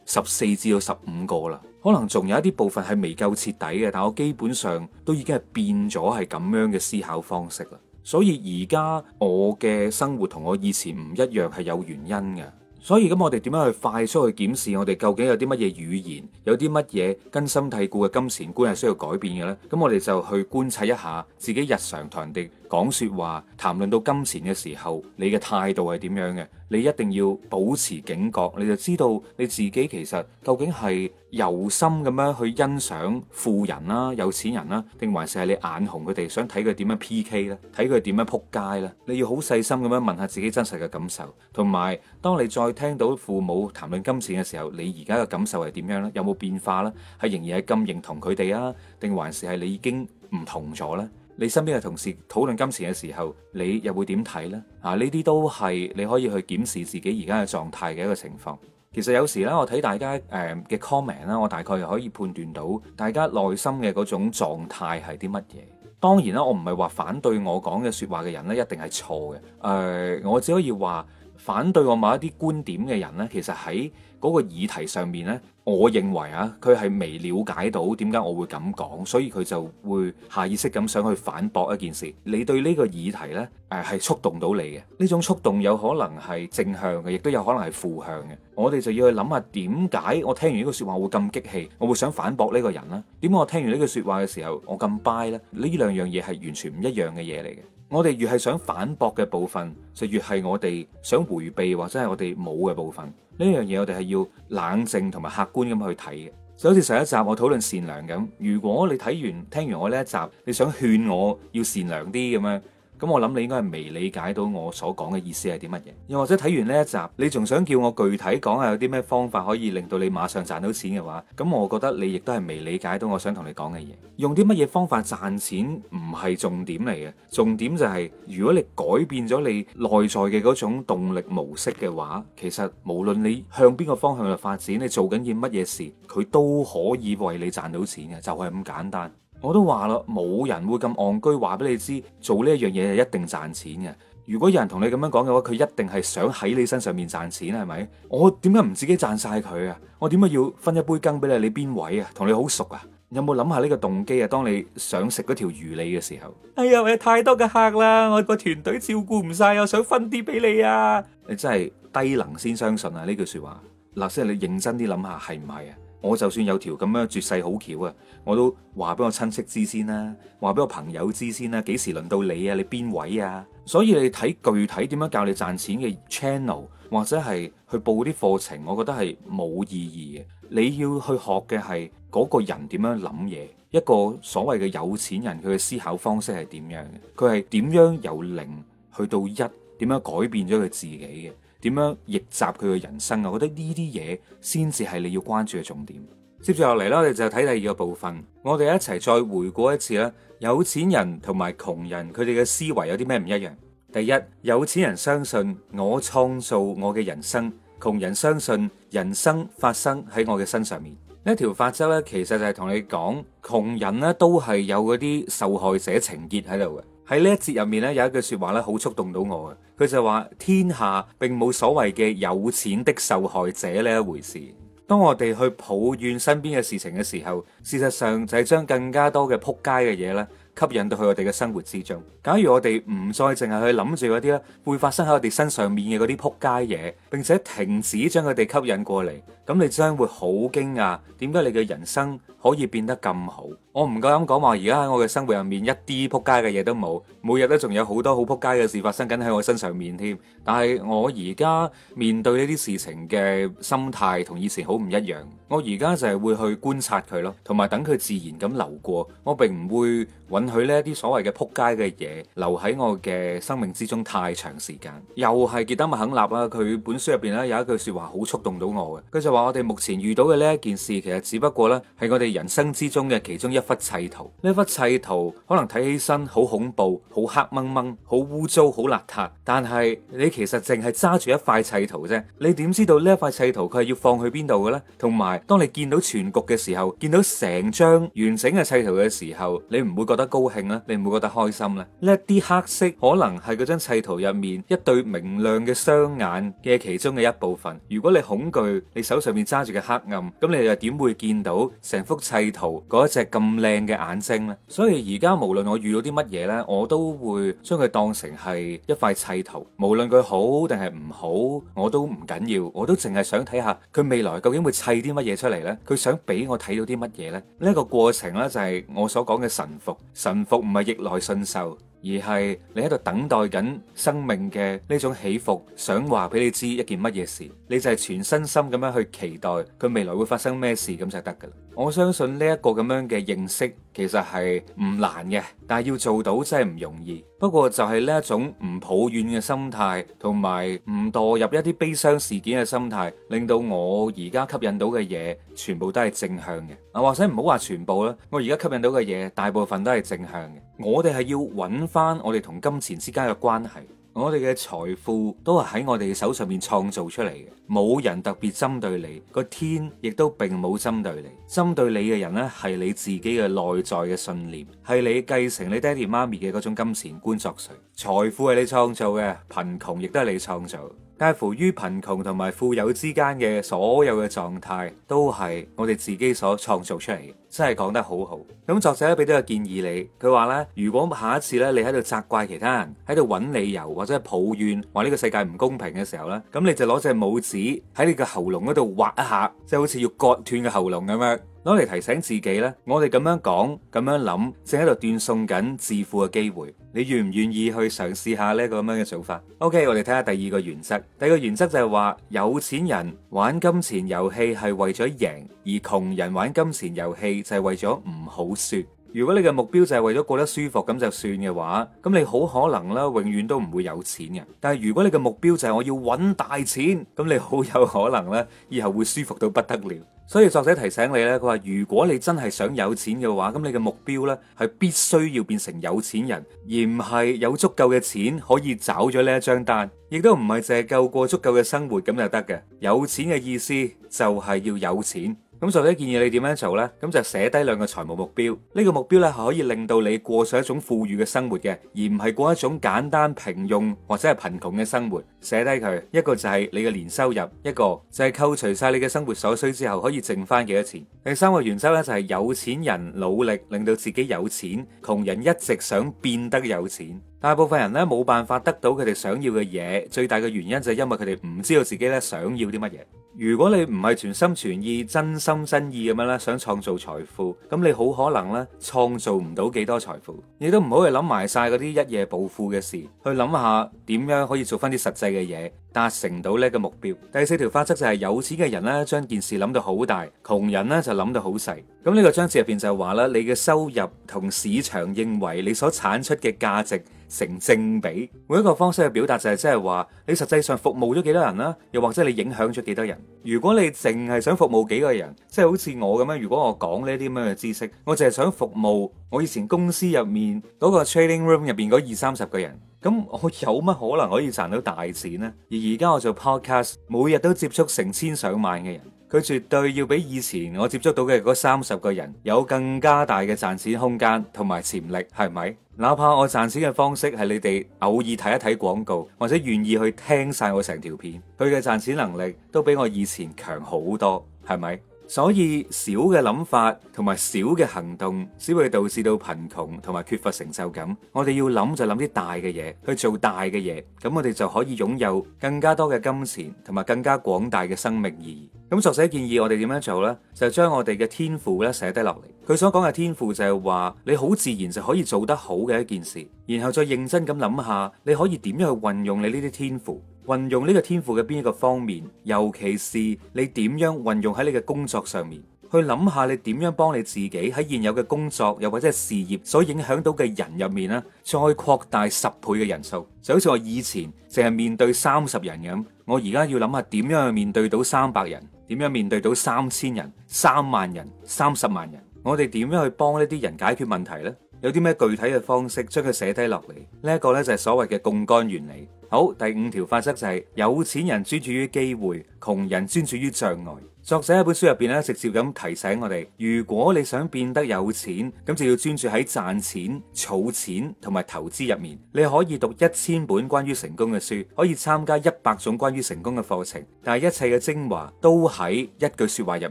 十四至到十五個啦，可能仲有一啲部分係未夠徹底嘅，但我基本上都已經係變咗係咁樣嘅思考方式啦。所以而家我嘅生活同我以前唔一樣係有原因嘅。所以咁我哋點樣去快速去檢視我哋究竟有啲乜嘢語言，有啲乜嘢根深蒂固嘅金錢觀係需要改變嘅咧？咁我哋就去觀察一下自己日常定。講說話談論到金錢嘅時候，你嘅態度係點樣嘅？你一定要保持警覺，你就知道你自己其實究竟係由心咁樣去欣賞富人啦、啊、有錢人啦、啊，定還是係你眼紅佢哋，想睇佢點樣 PK 咧，睇佢點樣扑街咧？你要好細心咁樣問下自己真實嘅感受，同埋當你再聽到父母談論金錢嘅時候，你而家嘅感受係點樣咧？有冇變化咧？係仍然係咁認同佢哋啊？定還是係你已經唔同咗咧？你身邊嘅同事討論金錢嘅時候，你又會點睇呢？啊，呢啲都係你可以去檢視自己而家嘅狀態嘅一個情況。其實有時咧，我睇大家誒嘅、呃、comment 啦，我大概又可以判斷到大家內心嘅嗰種狀態係啲乜嘢。當然啦，我唔係話反對我講嘅説話嘅人咧，一定係錯嘅。誒、呃，我只可以話，反對我某一啲觀點嘅人呢，其實喺嗰個議題上面呢，我認為啊，佢係未了解到點解我會咁講，所以佢就會下意識咁想去反駁一件事。你對呢個議題呢，誒係觸動到你嘅，呢種觸動有可能係正向嘅，亦都有可能係負向嘅。我哋就要去諗下點解我聽完呢個説話會咁激氣，我會想反駁呢個人呢？點解我聽完呢句説話嘅時候，我咁掰呢？呢兩樣嘢係完全唔一樣嘅嘢嚟嘅。我哋越係想反駁嘅部分，就越係我哋想回避或者係我哋冇嘅部分。呢樣嘢我哋係要冷靜同埋客觀咁去睇嘅。就好似上一集我討論善良咁，如果你睇完聽完我呢一集，你想勸我要善良啲咁樣，咁我諗你應該係未理解到我所講嘅意思係啲乜嘢，又或者睇完呢一集，你仲想叫我具體講下有啲咩方法可以令到你馬上賺到錢嘅話，咁我覺得你亦都係未理解到我想同你講嘅嘢。用啲乜嘢方法賺錢唔係重點嚟嘅，重點就係如果你改變咗你內在嘅嗰種動力模式嘅話，其實無論你向邊個方向去發展，你做緊啲乜嘢事，佢都可以為你賺到錢嘅，就係咁簡單。我都話啦，冇人會咁戇居話俾你知做呢一樣嘢係一定賺錢嘅。如果有人同你咁樣講嘅話，佢一定係想喺你身上面賺錢，係咪？我點解唔自己賺晒佢啊？我點解要分一杯羹俾你？你邊位啊？同你好熟啊？有冇諗下呢個動機啊？當你想食嗰條魚你嘅時候，哎呀，我有太多嘅客啦，我個團隊照顧唔晒，我想分啲俾你啊！你真係低能先相信啊！呢句說話，嗱，先係你認真啲諗下係唔係啊？是我就算有條咁樣絕世好橋啊，我都話俾我親戚知先啦，話俾我朋友知先啦，幾時輪到你啊？你邊位啊？所以你睇具體點樣教你賺錢嘅 channel 或者係去報啲課程，我覺得係冇意義嘅。你要去學嘅係嗰個人點樣諗嘢，一個所謂嘅有錢人，佢嘅思考方式係點樣嘅，佢係點樣由零去到一，點樣改變咗佢自己嘅。點樣逆襲佢嘅人生啊？我覺得呢啲嘢先至係你要關注嘅重點。接住落嚟啦，我哋就睇第二個部分。我哋一齊再回顧一次啦。有錢人同埋窮人佢哋嘅思維有啲咩唔一樣？第一，有錢人相信我創造我嘅人生，窮人相信人生發生喺我嘅身上面。呢一條法則呢，其實就係同你講，窮人呢都係有嗰啲受害者情結喺度嘅。喺呢一節入面咧，有一句説話咧，好觸動到我嘅。佢就話：天下並冇所謂嘅有錢的受害者呢一回事。當我哋去抱怨身邊嘅事情嘅時候，事實上就係將更加多嘅撲街嘅嘢咧，吸引到去我哋嘅生活之中。假如我哋唔再淨係去諗住嗰啲咧會發生喺我哋身上面嘅嗰啲撲街嘢，並且停止將佢哋吸引過嚟，咁你將會好驚訝。點解你嘅人生，可以變得咁好，我唔夠膽講話。而家喺我嘅生活入面，一啲扑街嘅嘢都冇，每日都仲有好多好扑街嘅事發生緊喺我身上面添。但係我而家面對呢啲事情嘅心態同以前好唔一樣，我而家就係會去觀察佢咯，同埋等佢自然咁流過。我並唔會允許呢一啲所謂嘅扑街嘅嘢留喺我嘅生命之中太長時間。又係傑德麥肯納啊，佢本書入邊咧有一句說話好觸動到我嘅，佢就話我哋目前遇到嘅呢一件事，其實只不過咧係我哋。人生之中嘅其中一幅砌圖，呢一幅砌圖可能睇起身好恐怖、好黑掹掹、好污糟、好邋遢。但係你其實淨係揸住一塊砌圖啫，你點知道呢一塊砌圖佢係要放去邊度嘅咧？同埋，當你見到全局嘅時候，見到成張完整嘅砌圖嘅時候，你唔會覺得高興呀，你唔會覺得開心咧？呢一啲黑色可能係嗰張砌圖入面一對明亮嘅雙眼嘅其中嘅一部分。如果你恐懼你手上面揸住嘅黑暗，咁你又點會見到成幅砌圖嗰一隻咁靚嘅眼睛咧，所以而家無論我遇到啲乜嘢呢，我都會將佢當成係一塊砌圖，無論佢好定係唔好，我都唔緊要，我都淨係想睇下佢未來究竟會砌啲乜嘢出嚟呢，佢想俾我睇到啲乜嘢呢？呢一個過程呢，就係我所講嘅臣服，臣服唔係逆來順受。而係你喺度等待緊生命嘅呢種起伏，想話俾你知一件乜嘢事，你就係全身心咁樣去期待佢未來會發生咩事咁就得㗎喇。我相信呢一個咁樣嘅認識其實係唔難嘅，但係要做到真係唔容易。不過就係呢一種唔抱怨嘅心態，同埋唔墮入一啲悲傷事件嘅心態，令到我而家吸引到嘅嘢全部都係正向嘅。啊，或者唔好話全部啦，我而家吸引到嘅嘢大部分都係正向嘅。我哋係要揾翻我哋同金錢之間嘅關係，我哋嘅財富都係喺我哋嘅手上面創造出嚟嘅，冇人特別針對你，個天亦都並冇針對你，針對你嘅人呢，係你自己嘅內在嘅信念，係你繼承你爹哋媽咪嘅嗰種金錢觀作祟，財富係你創造嘅，貧窮亦都係你創造。介乎於貧窮同埋富有之間嘅所有嘅狀態，都係我哋自己所創造出嚟嘅，真係講得好好。咁作者咧俾到個建議你，佢話呢，如果下一次咧你喺度責怪其他人，喺度揾理由或者係抱怨話呢個世界唔公平嘅時候呢，咁你就攞隻拇指喺你嘅喉嚨嗰度劃一下，就好似要割斷個喉嚨咁樣，攞嚟提醒自己呢，我哋咁樣講、咁樣諗，正喺度斷送緊致富嘅機會。你願唔願意去嘗試下呢個咁樣嘅做法？OK，我哋睇下第二個原則。第二個原則就係話，有錢人玩金錢遊戲係為咗贏，而窮人玩金錢遊戲就係為咗唔好輸。如果你嘅目標就係為咗過得舒服咁就算嘅話，咁你好可能啦，永遠都唔會有錢嘅。但係如果你嘅目標就係我要揾大錢，咁你好有可能咧，以後會舒服到不得了。所以作者提醒你呢，佢話如果你真係想有錢嘅話，咁你嘅目標呢係必須要變成有錢人，而唔係有足夠嘅錢可以找咗呢一張單，亦都唔係淨係夠過足夠嘅生活咁就得嘅。有錢嘅意思就係要有錢。咁作者建議你點樣做呢？咁就寫低兩個財務目標。呢、呢個目標呢，係可以令到你過上一種富裕嘅生活嘅，而唔係過一種簡單平庸或者係貧窮嘅生活。寫低佢，一個就係你嘅年收入，一個就係扣除晒你嘅生活所需之後可以剩翻幾多錢。第三個原則呢，就係、是、有錢人努力令到自己有錢，窮人一直想變得有錢。大部分人呢，冇辦法得到佢哋想要嘅嘢，最大嘅原因就係因為佢哋唔知道自己呢想要啲乜嘢。如果你唔係全心全意、真心真意咁樣咧，想創造財富，咁你好可能咧創造唔到幾多財富。你都唔好去諗埋晒嗰啲一夜暴富嘅事，去諗下點樣可以做翻啲實際嘅嘢，達成到呢個目標。第四條法則就係有錢嘅人咧，將件事諗到好大，窮人咧就諗到好細。咁呢個章節入邊就係話啦，你嘅收入同市場認為你所產出嘅價值，成正比，每一個方式嘅表達就係即係話，你實際上服務咗幾多人啦、啊？又或者你影響咗幾多人？如果你淨係想服務幾個人，即係好似我咁樣，如果我講呢啲咁樣嘅知識，我就係想服務我以前公司入面嗰個 trading room 入邊嗰二三十個人，咁我有乜可能可以賺到大錢呢？而而家我做 podcast，每日都接觸成千上萬嘅人，佢絕對要比以前我接觸到嘅嗰三十個人有更加大嘅賺錢空間同埋潛力，係咪？哪怕我賺錢嘅方式係你哋偶爾睇一睇廣告，或者願意去聽晒我成條片，佢嘅賺錢能力都比我以前強好多，係咪？所以小嘅諗法同埋小嘅行動只會導致到貧窮同埋缺乏成就感。我哋要諗就諗啲大嘅嘢，去做大嘅嘢，咁我哋就可以擁有更加多嘅金錢同埋更加廣大嘅生命意義。咁作者建議我哋點樣做呢？就將我哋嘅天賦呢寫低落嚟。佢所講嘅天賦就係話你好自然就可以做得好嘅一件事，然後再認真咁諗下，你可以點樣去運用你呢啲天賦？運用呢個天賦嘅邊一個方面？尤其是你點樣運用喺你嘅工作上面？去諗下你點樣幫你自己喺現有嘅工作又或者係事業所影響到嘅人入面呢，再擴大十倍嘅人數。就好似我以前淨係面對三十人咁，我而家要諗下點樣去面對到三百人。點樣面對到三千人、三萬人、三十萬人？我哋點樣去幫呢啲人解決問題呢？有啲咩具體嘅方式將佢寫低落嚟？呢、這、一個呢就係所謂嘅槓桿原理。好，第五條法則就係、是、有錢人專注於機會，窮人專注於障礙。作者喺本書入邊咧，直接咁提醒我哋：如果你想變得有錢，咁就要專注喺賺錢、儲錢同埋投資入面。你可以讀一千本關於成功嘅書，可以參加一百種關於成功嘅課程，但係一切嘅精華都喺一句說話入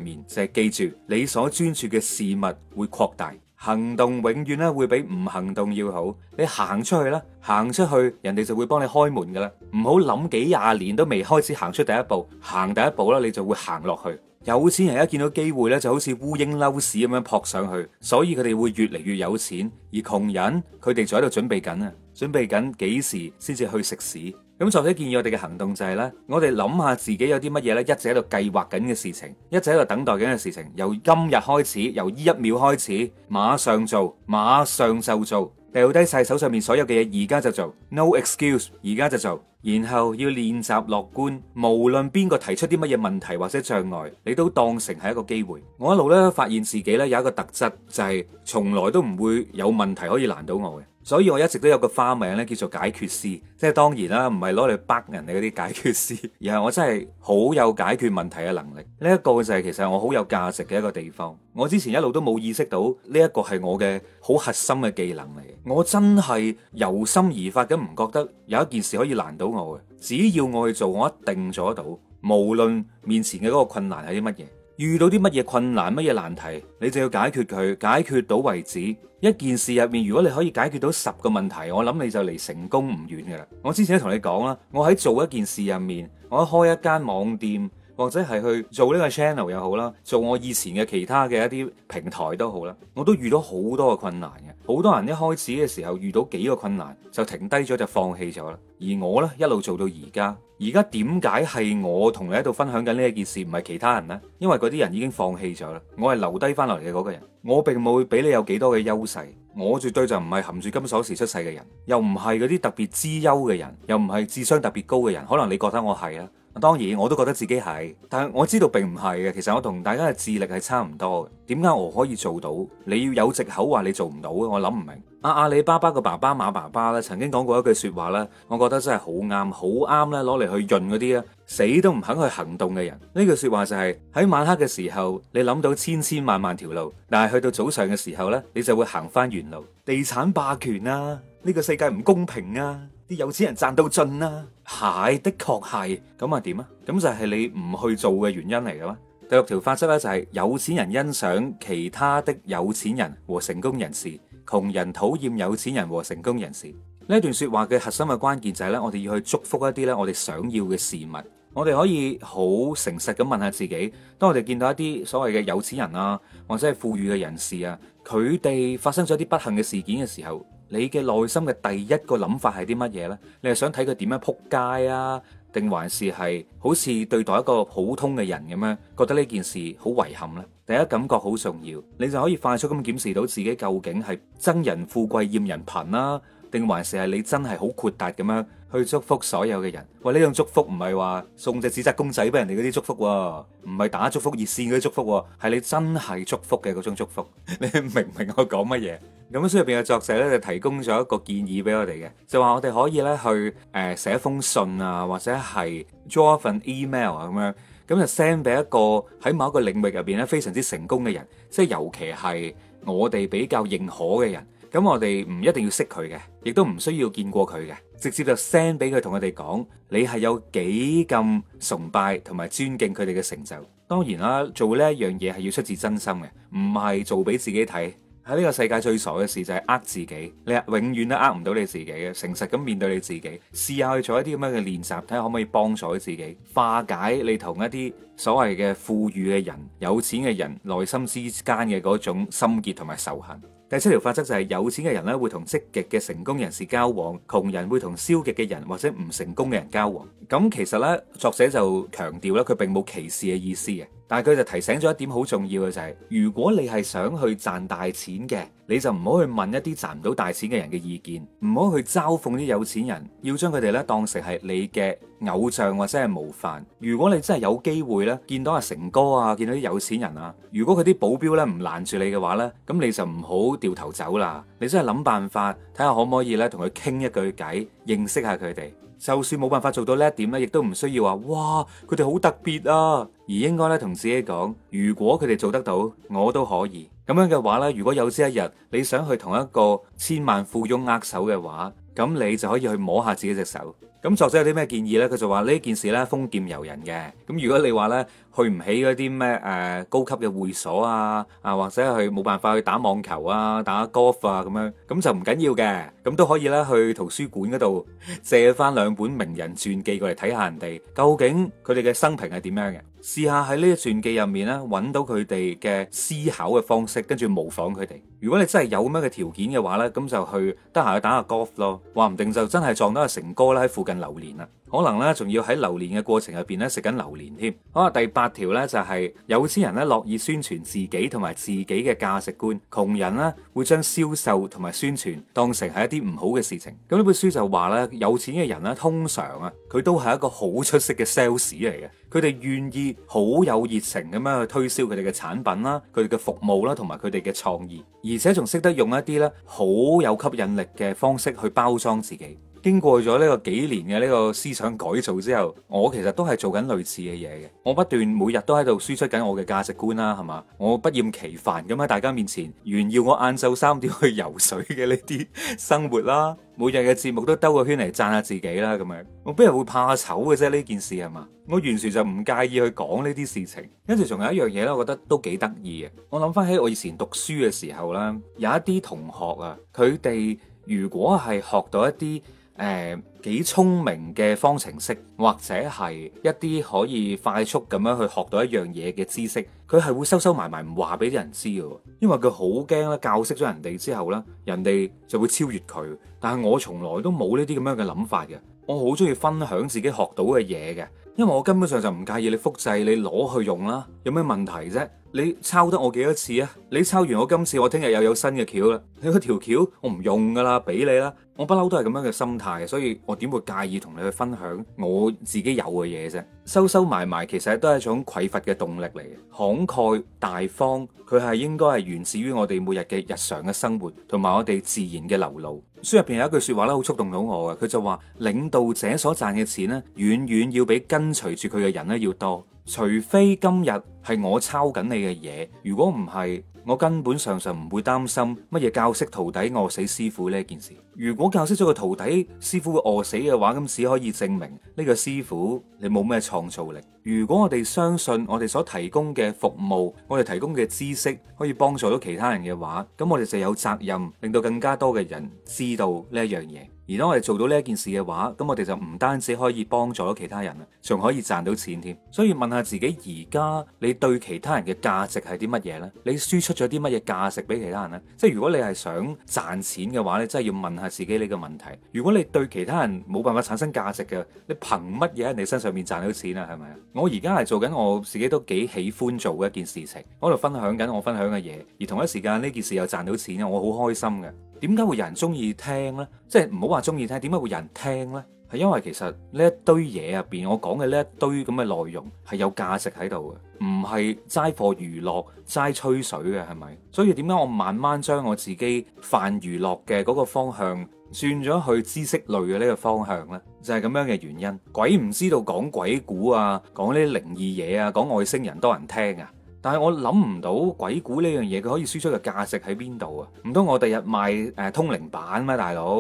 面，就係記住你所專注嘅事物會擴大。行動永遠咧會比唔行動要好，你行出去啦，行出去，人哋就會幫你開門噶啦。唔好諗幾廿年都未開始行出第一步，行第一步啦，你就會行落去。有錢人一見到機會咧，就好似烏蠅嬲屎咁樣撲上去，所以佢哋會越嚟越有錢。而窮人佢哋就喺度準備緊啊，準備緊幾時先至去食屎。咁作者建議我哋嘅行動就係呢：我哋諗下自己有啲乜嘢咧，一直喺度計劃緊嘅事情，一直喺度等待緊嘅事情，由今日開始，由呢一秒開始，馬上做，馬上就做，掉低晒手上面所有嘅嘢，而家就做，no excuse，而家就做，然後要練習樂觀，無論邊個提出啲乜嘢問題或者障礙，你都當成係一個機會。我一路呢，發現自己呢有一個特質，就係從來都唔會有問題可以難倒我嘅。所以我一直都有個花名咧，叫做解決師，即係當然啦，唔係攞嚟迫人哋嗰啲解決師，而係我真係好有解決問題嘅能力。呢一個就係其實我好有價值嘅一個地方。我之前一路都冇意識到呢一個係我嘅好核心嘅技能嚟。我真係由心而發咁，唔覺得有一件事可以難倒我嘅。只要我去做，我一定做得到，無論面前嘅嗰個困難係啲乜嘢。遇到啲乜嘢困難乜嘢難題，你就要解決佢，解決到為止。一件事入面，如果你可以解決到十個問題，我諗你就離成功唔遠㗎啦。我之前都同你講啦，我喺做一件事入面，我開一間網店。或者係去做呢個 channel 又好啦，做我以前嘅其他嘅一啲平台都好啦，我都遇到好多嘅困難嘅。好多人一開始嘅時候遇到幾個困難就停低咗就放棄咗啦。而我呢，一路做到而家。而家點解係我同你喺度分享緊呢一件事，唔係其他人呢？因為嗰啲人已經放棄咗啦。我係留低翻落嚟嘅嗰個人。我並冇俾你有幾多嘅優勢。我絕對就唔係含住金鎖匙出世嘅人，又唔係嗰啲特別資優嘅人，又唔係智商特別高嘅人。可能你覺得我係啊？當然，我都覺得自己係，但係我知道並唔係嘅。其實我同大家嘅智力係差唔多，點解我可以做到？你要有藉口話你做唔到，我諗唔明。啊，阿阿里巴巴個爸爸，爸，爸馬爸爸咧，曾經講過一句説話咧，我覺得真係好啱，好啱咧，攞嚟去潤嗰啲啊，死都唔肯去行動嘅人。呢句説話就係、是、喺晚黑嘅時候，你諗到千千萬萬條路，但係去到早上嘅時候呢，你就會行翻原路。地產霸權啊，呢、這個世界唔公平啊！有錢人賺到盡啦，係，的確係，咁啊點啊？咁就係你唔去做嘅原因嚟嘅咩？第六條法則咧就係有錢人欣賞其他的有錢人和成功人士，窮人討厭有錢人和成功人士。呢一段說話嘅核心嘅關鍵就係咧，我哋要去祝福一啲咧我哋想要嘅事物。我哋可以好誠實咁問下自己，當我哋見到一啲所謂嘅有錢人啊，或者係富裕嘅人士啊，佢哋發生咗一啲不幸嘅事件嘅時候。你嘅內心嘅第一個諗法係啲乜嘢呢？你係想睇佢點樣撲街啊，定還是係好似對待一個普通嘅人咁樣，覺得呢件事好遺憾呢？第一感覺好重要，你就可以快速咁檢視到自己究竟係憎人富貴厭人貧啦、啊。定還是係你真係好豁達咁樣去祝福所有嘅人。喂，呢種祝福唔係話送隻紙紮公仔俾人哋嗰啲祝福，唔係打祝福熱線嗰啲祝福，係你真係祝福嘅嗰種祝福。你明唔明我講乜嘢？咁所以入邊嘅作者咧就提供咗一個建議俾我哋嘅，就話我哋可以咧去誒寫一封信啊，或者係 draw 一份 email 啊咁樣，咁就 send 俾一個喺某一個領域入邊咧非常之成功嘅人，即係尤其係我哋比較認可嘅人。咁我哋唔一定要識佢嘅，亦都唔需要見過佢嘅，直接就 send 俾佢，同佢哋講你係有幾咁崇拜同埋尊敬佢哋嘅成就。當然啦，做呢一樣嘢係要出自真心嘅，唔係做俾自己睇。喺呢個世界最傻嘅事就係呃自己，你永遠都呃唔到你自己嘅。誠實咁面對你自己，試下去做一啲咁樣嘅練習，睇下可唔可以幫助自己化解你同一啲所謂嘅富裕嘅人、有錢嘅人內心之間嘅嗰種心結同埋仇恨。第七條法則就係有錢嘅人呢會同積極嘅成功人士交往，窮人會同消極嘅人或者唔成功嘅人交往。咁其實呢，作者就強調呢，佢並冇歧視嘅意思嘅。但係佢就提醒咗一點好重要嘅，就係，如果你係想去賺大錢嘅，你就唔好去問一啲賺唔到大錢嘅人嘅意見，唔好去嘲諷啲有錢人，要將佢哋呢當成係你嘅偶像或者係模範。如果你真係有機會呢，見到阿成哥啊，見到啲有錢人啊，如果佢啲保鏢呢唔攔住你嘅話呢，咁你就唔好掉頭走啦。你真係諗辦法，睇下可唔可以呢，同佢傾一句偈，認識下佢哋。就算冇辦法做到呢一點咧，亦都唔需要話，哇，佢哋好特別啊！而應該咧同自己講，如果佢哋做得到，我都可以。咁樣嘅話咧，如果有朝一日你想去同一個千萬富翁握手嘅話，咁你就可以去摸下自己隻手。咁作者有啲咩建議咧？佢就話呢件事咧豐儉由人嘅。咁如果你話咧去唔起嗰啲咩誒高級嘅會所啊，啊或者係冇辦法去打網球啊、打 golf 啊咁樣，咁就唔緊要嘅。咁都可以咧去圖書館嗰度借翻兩本名人傳記過嚟睇下人哋究竟佢哋嘅生平係點樣嘅。試下喺呢啲傳記入面咧揾到佢哋嘅思考嘅方式，跟住模仿佢哋。如果你真係有咁樣嘅條件嘅話咧，咁就去得閒去打下 golf 咯，話唔定就真係撞到阿成哥啦喺附近。榴蓮啊，可能咧仲要喺榴蓮嘅過程入邊咧食緊榴蓮添。好啊，第八條呢，就係、是、有錢人呢樂意宣傳自己同埋自己嘅價值觀，窮人呢會將銷售同埋宣傳當成係一啲唔好嘅事情。咁、嗯、呢本書就話呢有錢嘅人呢，通常啊，佢都係一個好出色嘅 sales 嚟嘅，佢哋願意好有熱情咁樣去推銷佢哋嘅產品啦、佢哋嘅服務啦同埋佢哋嘅創意，而且仲識得用一啲呢好有吸引力嘅方式去包裝自己。經過咗呢個幾年嘅呢個思想改造之後，我其實都係做緊類似嘅嘢嘅。我不斷每日都喺度輸出緊我嘅價值觀啦，係嘛？我不厭其煩咁喺大家面前炫耀我晏晝三點去游水嘅呢啲生活啦。每日嘅節目都兜個圈嚟讚下自己啦，咁樣我邊度會怕醜嘅啫？呢件事係嘛？我完全就唔介意去講呢啲事情。跟住仲有一樣嘢咧，我覺得都幾得意嘅。我諗翻起我以前讀書嘅時候啦，有一啲同學啊，佢哋如果係學到一啲。誒、呃、幾聰明嘅方程式，或者係一啲可以快速咁樣去學到一樣嘢嘅知識，佢係會收收埋埋唔話俾啲人知㗎，因為佢好驚啦，教識咗人哋之後呢，人哋就會超越佢。但係我從來都冇呢啲咁樣嘅諗法㗎。我好中意分享自己學到嘅嘢嘅，因為我根本上就唔介意你複製你攞去用啦，有咩問題啫？你抄得我幾多次啊？你抄完我今次，我聽日又有新嘅橋啦。你個條橋我唔用噶啦，俾你啦。我不嬲都係咁樣嘅心態，所以我點會介意同你去分享我自己有嘅嘢啫？收收埋埋，埋其實都係一種匱乏嘅動力嚟嘅，慷慨大方佢係應該係源自於我哋每日嘅日常嘅生活同埋我哋自然嘅流露。書入邊有一句説話咧，好觸動到我嘅，佢就話領導者所賺嘅錢咧，遠遠要比跟隨住佢嘅人咧要多，除非今日係我抄緊你嘅嘢，如果唔係。我根本常常唔會擔心乜嘢教識徒弟餓死師傅呢件事。如果教識咗個徒弟，師傅會餓死嘅話，咁只可以證明呢個師傅你冇咩創造力。如果我哋相信我哋所提供嘅服務，我哋提供嘅知識可以幫助到其他人嘅話，咁我哋就有責任令到更加多嘅人知道呢一樣嘢。而當我哋做到呢一件事嘅話，咁我哋就唔單止可以幫助到其他人啦，仲可以賺到錢添。所以問下自己，而家你對其他人嘅價值係啲乜嘢呢？你輸出咗啲乜嘢價值俾其他人呢？即係如果你係想賺錢嘅話，你真係要問下自己呢個問題。如果你對其他人冇辦法產生價值嘅，你憑乜嘢喺你身上面賺到錢啊？係咪啊？我而家係做緊我自己都幾喜歡做嘅一件事情，我度分享緊我分享嘅嘢，而同一時間呢件事又賺到錢啊！我好開心嘅。點解會有人中意聽呢？即係唔好話中意聽，點解會有人聽呢？係因為其實呢一堆嘢入邊，我講嘅呢一堆咁嘅內容係有價值喺度嘅，唔係齋課娛樂、齋吹水嘅，係咪？所以點解我慢慢將我自己泛娛樂嘅嗰個方向轉咗去知識類嘅呢個方向呢？就係咁樣嘅原因。鬼唔知道講鬼故啊，講呢啲靈異嘢啊，講外星人多人聽啊。但係我諗唔到鬼故呢樣嘢，佢可以輸出嘅價值喺邊度啊？唔通我第日賣誒通靈板咩，大佬？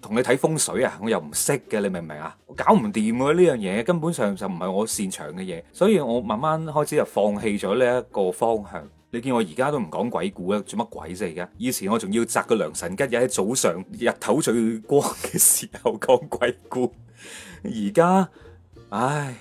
同你睇風水啊？我又唔識嘅，你明唔明啊？我搞唔掂嘅呢樣嘢，根本上就唔係我擅長嘅嘢，所以我慢慢開始就放棄咗呢一個方向。你見我而家都唔講鬼故咧，做乜鬼啫而家？以前我仲要摘個良辰吉日喺早上日頭最光嘅時候講鬼故，而家，唉，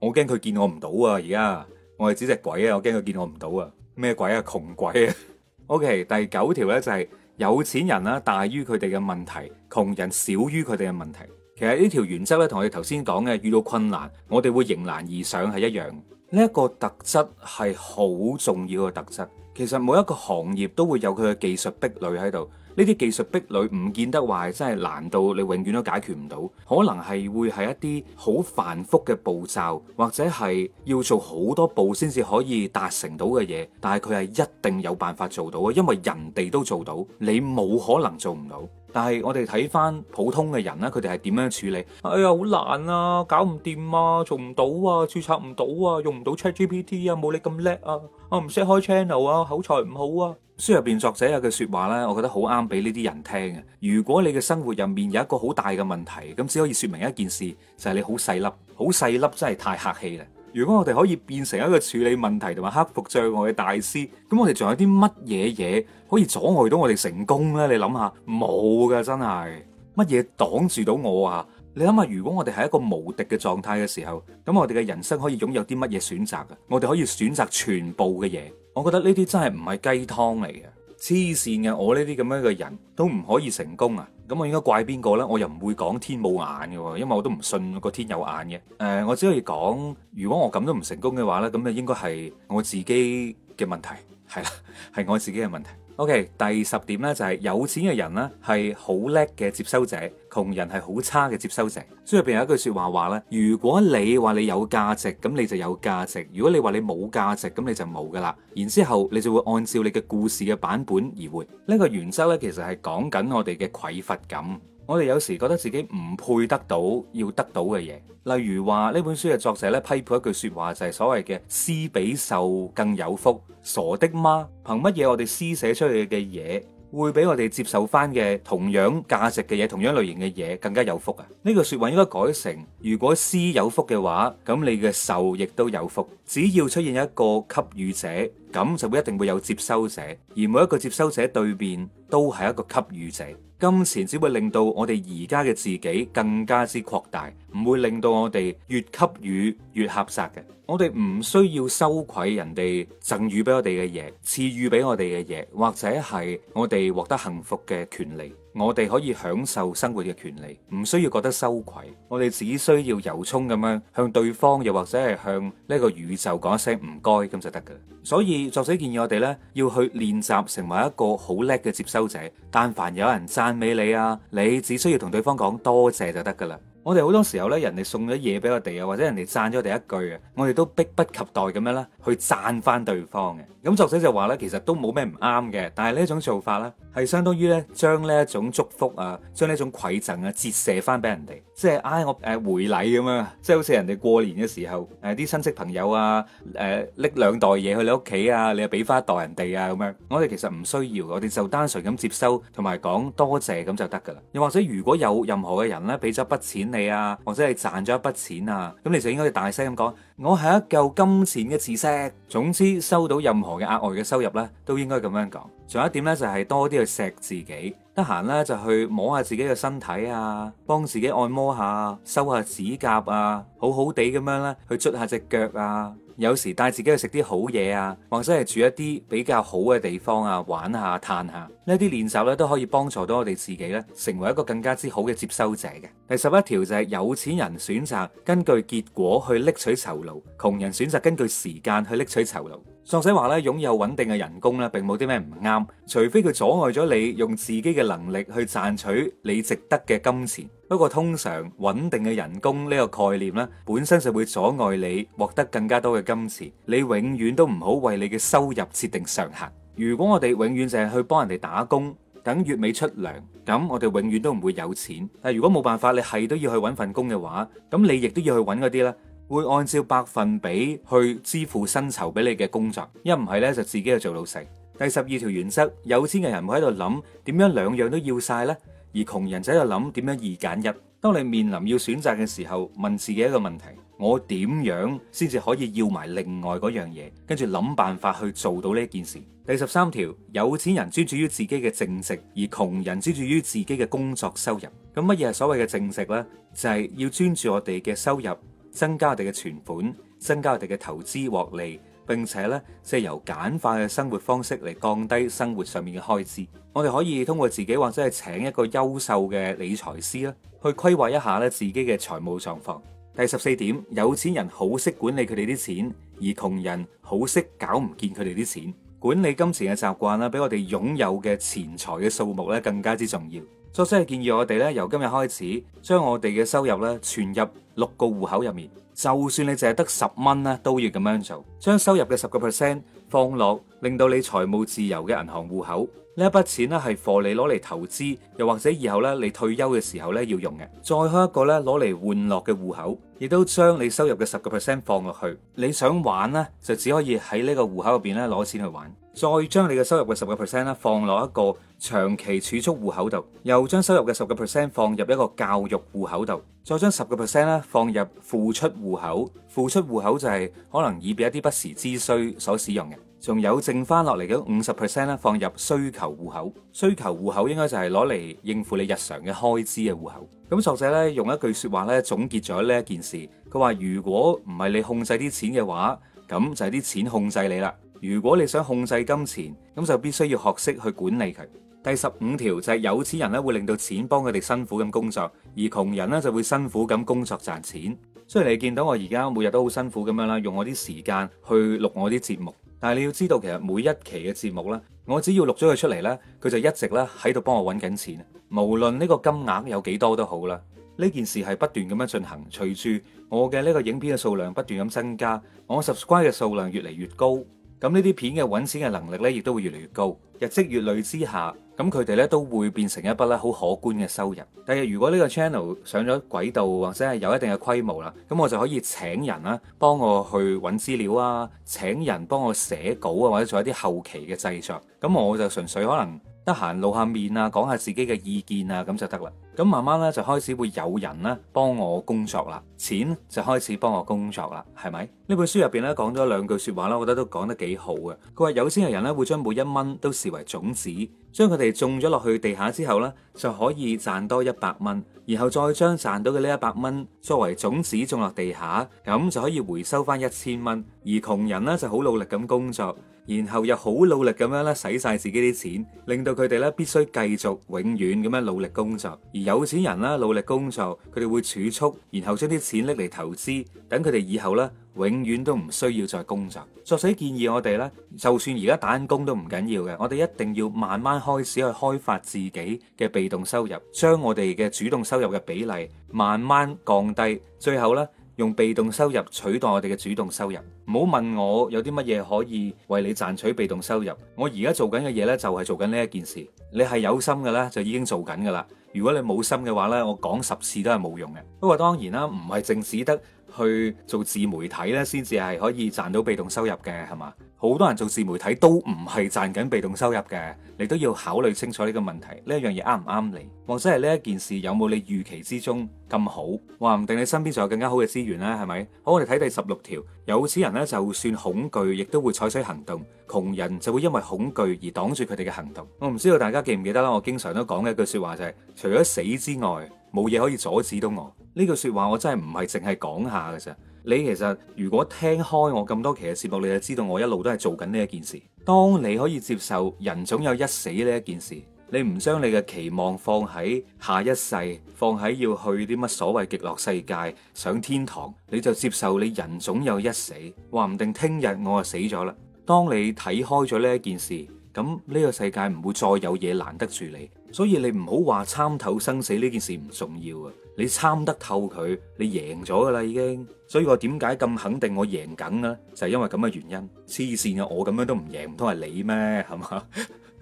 我驚佢見我唔到啊！而家。我係指隻鬼啊！我驚佢見我唔到啊！咩鬼啊？窮鬼啊 [LAUGHS] ！OK，第九條呢就係、是、有錢人啦，大於佢哋嘅問題；窮人少於佢哋嘅問題。其實呢條原則呢，同我哋頭先講嘅遇到困難，我哋會迎難而上係一樣。呢、這、一個特質係好重要嘅特質。其實每一個行業都會有佢嘅技術壁壘喺度，呢啲技術壁壘唔見得話真係難到你永遠都解決唔到，可能係會係一啲好繁複嘅步驟，或者係要做好多步先至可以達成到嘅嘢，但係佢係一定有辦法做到嘅，因為人哋都做到，你冇可能做唔到。但係我哋睇翻普通嘅人咧，佢哋係點樣處理？哎呀，好難啊，搞唔掂啊，做唔到啊，註冊唔到啊，用唔到 ChatGPT 啊，冇你咁叻啊，我唔識開 channel 啊，口才唔好啊。書入邊作者有句説話咧，我覺得好啱俾呢啲人聽嘅。如果你嘅生活入面有一個好大嘅問題，咁只可以説明一件事，就係你好細粒，好細粒真係太客氣啦。如果我哋可以變成一個處理問題同埋克服障礙嘅大師，咁我哋仲有啲乜嘢嘢可以阻礙到我哋成功呢？你諗下，冇㗎，真係，乜嘢擋住到我啊？你諗下，如果我哋係一個無敵嘅狀態嘅時候，咁我哋嘅人生可以擁有啲乜嘢選擇啊？我哋可以選擇全部嘅嘢，我覺得呢啲真係唔係雞湯嚟嘅。黐線嘅，我呢啲咁樣嘅人都唔可以成功啊！咁我應該怪邊個呢？我又唔會講天冇眼嘅，因為我都唔信個天有眼嘅。誒、呃，我只可以講，如果我咁都唔成功嘅話呢，咁就應該係我自己嘅問題，係啦，係我自己嘅問題。O、okay, K，第十點咧就係、是、有錢嘅人咧係好叻嘅接收者，窮人係好差嘅接收者。書入邊有一句話說話話咧，如果你話你有價值，咁你就有價值；如果你話你冇價值，咁你就冇噶啦。然之後你就會按照你嘅故事嘅版本而活。呢、這個原則咧，其實係講緊我哋嘅匱乏感。我哋有時覺得自己唔配得到要得到嘅嘢，例如話呢本書嘅作者咧批判一句說話就係、是、所謂嘅施比受更有福。傻的嗎，憑乜嘢我哋施寫出去嘅嘢會比我哋接受翻嘅同樣價值嘅嘢、同樣類型嘅嘢更加有福啊？呢、這個說話應該改成如果施有福嘅話，咁你嘅受亦都有福。只要出現一個給予者。咁就會一定會有接收者，而每一個接收者對面都係一個給予者。金錢只會令到我哋而家嘅自己更加之擴大，唔會令到我哋越給予越狹窄嘅。我哋唔需要羞愧人哋贈予俾我哋嘅嘢、賜予俾我哋嘅嘢，或者係我哋獲得幸福嘅權利。我哋可以享受生活嘅權利，唔需要覺得羞愧。我哋只需要由衷咁樣向對方，又或者係向呢個宇宙講一聲唔該咁就得㗎。所以作者建議我哋呢，要去練習成為一個好叻嘅接收者。但凡有人讚美你啊，你只需要同對方講多謝就得噶啦。我哋好多時候咧，人哋送咗嘢俾我哋啊，或者人哋讚咗我哋一句啊，我哋都迫不及待咁樣啦，去讚翻對方嘅。咁作者就話咧，其實都冇咩唔啱嘅，但係呢一種做法咧，係相當於咧，將呢一種祝福啊，將呢一種饋贈啊，折射翻俾人哋，即係唉、哎、我誒、呃、回禮咁樣，即係好似人哋過年嘅時候，誒啲親戚朋友啊，誒拎兩袋嘢去你屋企啊，你又俾翻一袋人哋啊咁樣。我哋其實唔需要，我哋就單純咁接收同埋講多謝咁就得噶啦。又或者如果有任何嘅人咧，俾咗筆錢你啊，或者係賺咗一筆錢啊，咁你就應該要大聲咁講，我係一嚿金錢嘅磁石。總之收到任何嘅額外嘅收入呢，都應該咁樣講。仲有一點呢，就係、是、多啲去錫自己，得閒呢就去摸下自己嘅身體啊，幫自己按摩下，修下指甲啊，好好地咁樣呢，去捽下隻腳啊。有時帶自己去食啲好嘢啊，或者係住一啲比較好嘅地方啊，玩下、嘆下，呢啲練習咧，都可以幫助到我哋自己咧，成為一個更加之好嘅接收者嘅。第十一條就係有錢人選擇根據結果去拎取酬勞，窮人選擇根據時間去拎取酬勞。作者話咧，擁有穩定嘅人工咧並冇啲咩唔啱，除非佢阻礙咗你用自己嘅能力去賺取你值得嘅金錢。不過通常穩定嘅人工呢個概念咧，本身就會阻礙你獲得更加多嘅金錢。你永遠都唔好為你嘅收入設定上限。如果我哋永遠淨係去幫人哋打工，等月尾出糧，咁我哋永遠都唔會有錢。但係如果冇辦法，你係都要去揾份工嘅話，咁你亦都要去揾嗰啲咧，會按照百分比去支付薪酬俾你嘅工作。一唔係咧，就自己去做老細。第十二條原則：有錢嘅人會喺度諗點樣兩樣都要曬咧。而窮人仔就諗點樣二揀一。當你面臨要選擇嘅時候，問自己一個問題：我點樣先至可以要埋另外嗰樣嘢？跟住諗辦法去做到呢件事。第十三條，有錢人專注於自己嘅淨值，而窮人專注於自己嘅工作收入。咁乜嘢係所謂嘅淨值呢？就係、是、要專注我哋嘅收入，增加我哋嘅存款，增加我哋嘅投資獲利。並且咧，即係由簡化嘅生活方式嚟，降低生活上面嘅開支。我哋可以通過自己或者係請一個優秀嘅理財師啦，去規劃一下咧，自己嘅財務狀況。第十四點，有錢人好識管理佢哋啲錢，而窮人好識搞唔見佢哋啲錢。管理金錢嘅習慣啦，比我哋擁有嘅錢財嘅數目咧，更加之重要。作者建議我哋咧，由今日開始，將我哋嘅收入咧，存入六個戶口入面。就算你淨係得十蚊咧，都要咁樣做，將收入嘅十個 percent 放落，令到你財務自由嘅銀行戶口呢一筆錢咧係 for 你攞嚟投資，又或者以後咧你退休嘅時候咧要用嘅。再開一個咧攞嚟玩樂嘅戶口，亦都將你收入嘅十個 percent 放落去。你想玩咧，就只可以喺呢個戶口入邊咧攞錢去玩。再將你嘅收入嘅十個 percent 啦，放落一個長期儲蓄戶口度；又將收入嘅十個 percent 放入一個教育戶口度；再將十個 percent 咧放入付出戶口。付出戶口就係可能以俾一啲不時之需所使用嘅。仲有剩翻落嚟嘅五十 percent 咧，放入需求戶口。需求戶口應該就係攞嚟應付你日常嘅開支嘅戶口。咁作者咧用一句説話咧總結咗呢一件事，佢話：如果唔係你控制啲錢嘅話，咁就係啲錢控制你啦。如果你想控制金錢，咁就必須要學識去管理佢。第十五條就係有錢人咧會令到錢幫佢哋辛苦咁工作，而窮人呢就會辛苦咁工作賺錢。雖然你見到我而家每日都好辛苦咁樣啦，用我啲時間去錄我啲節目。但係你要知道，其實每一期嘅節目咧，我只要錄咗佢出嚟呢，佢就一直咧喺度幫我揾緊錢，無論呢個金額有幾多都好啦。呢件事係不斷咁樣進行，隨住我嘅呢個影片嘅數量不斷咁增加，我 subscribe 嘅數量越嚟越高。咁呢啲片嘅揾錢嘅能力呢，亦都會越嚟越高。日積月累之下，咁佢哋呢都會變成一筆呢好可觀嘅收入。但係如果呢個 channel 上咗軌道或者係有一定嘅規模啦，咁我就可以請人啦，幫我去揾資料啊，請人幫我寫稿啊，或者做一啲後期嘅製作。咁我就純粹可能得閒露下面啊，講下自己嘅意見啊，咁就得啦。咁慢慢咧就開始會有人咧幫我工作啦，錢就開始幫我工作啦，係咪？呢本書入邊咧講咗兩句說話啦，我覺得都講得幾好嘅。佢話有錢嘅人咧會將每一蚊都視為種子，將佢哋種咗落去地下之後咧就可以賺多一百蚊，然後再將賺到嘅呢一百蚊作為種子種落地下，咁就可以回收翻一千蚊。而窮人呢就好努力咁工作，然後又好努力咁樣咧使晒自己啲錢，令到佢哋咧必須繼續永遠咁樣努力工作有錢人啦，努力工作，佢哋會儲蓄，然後將啲錢拎嚟投資，等佢哋以後咧，永遠都唔需要再工作。作者建議我哋咧，就算而家打工都唔緊要嘅，我哋一定要慢慢開始去開發自己嘅被動收入，將我哋嘅主動收入嘅比例慢慢降低，最後呢，用被動收入取代我哋嘅主動收入，唔好問我有啲乜嘢可以為你賺取被動收入。我而家做緊嘅嘢呢，就係做緊呢一件事。你係有心嘅呢，就已經做緊噶啦。如果你冇心嘅話呢，我講十次都係冇用嘅。不過當然啦，唔係淨只得去做自媒體呢，先至係可以賺到被動收入嘅，係嘛？好多人做自媒體都唔係賺緊被動收入嘅，你都要考慮清楚呢個問題，呢一樣嘢啱唔啱你，或者係呢一件事有冇你預期之中咁好，話唔定你身邊仲有更加好嘅資源啦，係咪？好，我哋睇第十六條，嗯、有錢人咧就算恐懼，亦都會採取行動，窮人就會因為恐懼而擋住佢哋嘅行動。我、嗯、唔知道大家記唔記得啦，我經常都講嘅一句說話就係、是，除咗死之外，冇嘢可以阻止到我。呢句說話我真係唔係淨係講下嘅啫。你其實如果聽開我咁多期嘅節目，你就知道我一路都係做緊呢一件事。當你可以接受人總有一死呢一件事，你唔將你嘅期望放喺下一世，放喺要去啲乜所謂極樂世界、上天堂，你就接受你人總有一死。話唔定聽日我就死咗啦。當你睇開咗呢一件事，咁呢個世界唔會再有嘢難得住你。所以你唔好話參透生死呢件事唔重要啊！你參得透佢，你贏咗噶啦，已經了了，所以我點解咁肯定我贏緊咧？就係、是、因為咁嘅原因。黐線嘅，我咁樣都唔贏，唔通係你咩？係嘛？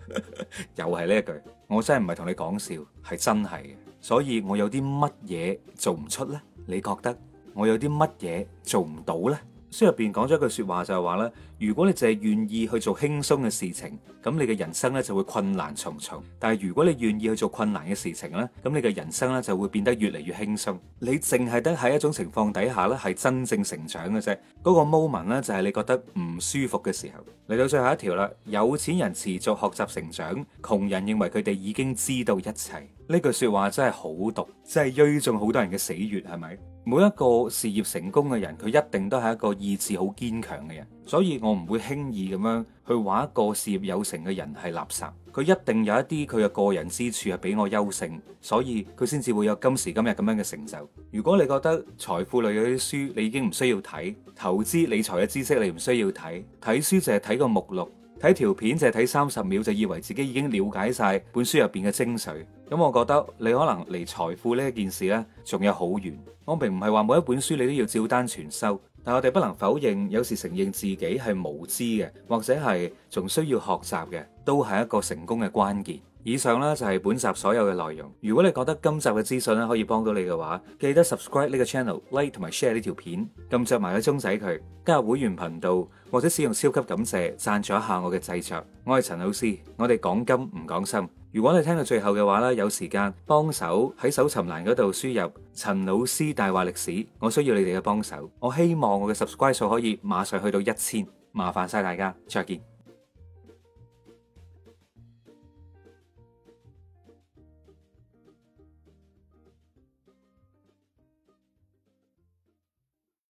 [LAUGHS] 又係呢一句，我真係唔係同你講笑，係真係。所以我有啲乜嘢做唔出呢？你覺得我有啲乜嘢做唔到呢？書入邊講咗一句說話，就係話咧，如果你淨係願意去做輕鬆嘅事情，咁你嘅人生咧，就會困難重重。但係如果你願意去做困難嘅事情咧，咁你嘅人生咧，就會變得越嚟越輕鬆。你淨係得喺一種情況底下咧，係真正成長嘅啫。嗰個 moment 咧，就係你覺得唔舒服嘅時候。嚟到最後一條啦，有錢人持續學習成長，窮人認為佢哋已經知道一切。呢句說話真係好毒，真係淤中好多人嘅死穴，係咪？每一個事業成功嘅人，佢一定都係一個意志好堅強嘅人，所以我唔會輕易咁樣去話一個事業有成嘅人係垃圾。佢一定有一啲佢嘅個人之處係比我優勝，所以佢先至會有今時今日咁樣嘅成就。如果你覺得財富類嘅啲書你已經唔需要睇，投資理財嘅知識你唔需要睇，睇書淨係睇個目錄，睇條片淨係睇三十秒，就以為自己已經了解晒本書入邊嘅精髓。咁、嗯、我覺得你可能離財富呢件事咧，仲有好遠。我並唔係話每一本書你都要照單全收，但我哋不能否認，有時承認自己係無知嘅，或者係仲需要學習嘅，都係一個成功嘅關鍵。以上呢就係、是、本集所有嘅內容。如果你覺得今集嘅資訊咧可以幫到你嘅話，記得 subscribe 呢個 channel，like 同埋 share 呢條片，撳着埋個鐘仔佢，加入會員頻道或者使用超級感謝贊助一下我嘅製作。我係陳老師，我哋講金唔講心。如果你聽到最後嘅話咧，有時間幫手喺搜尋欄嗰度輸入陳老師大話歷史，我需要你哋嘅幫手。我希望我嘅 subscribe 數可以馬上去到一千，麻煩晒大家，再見。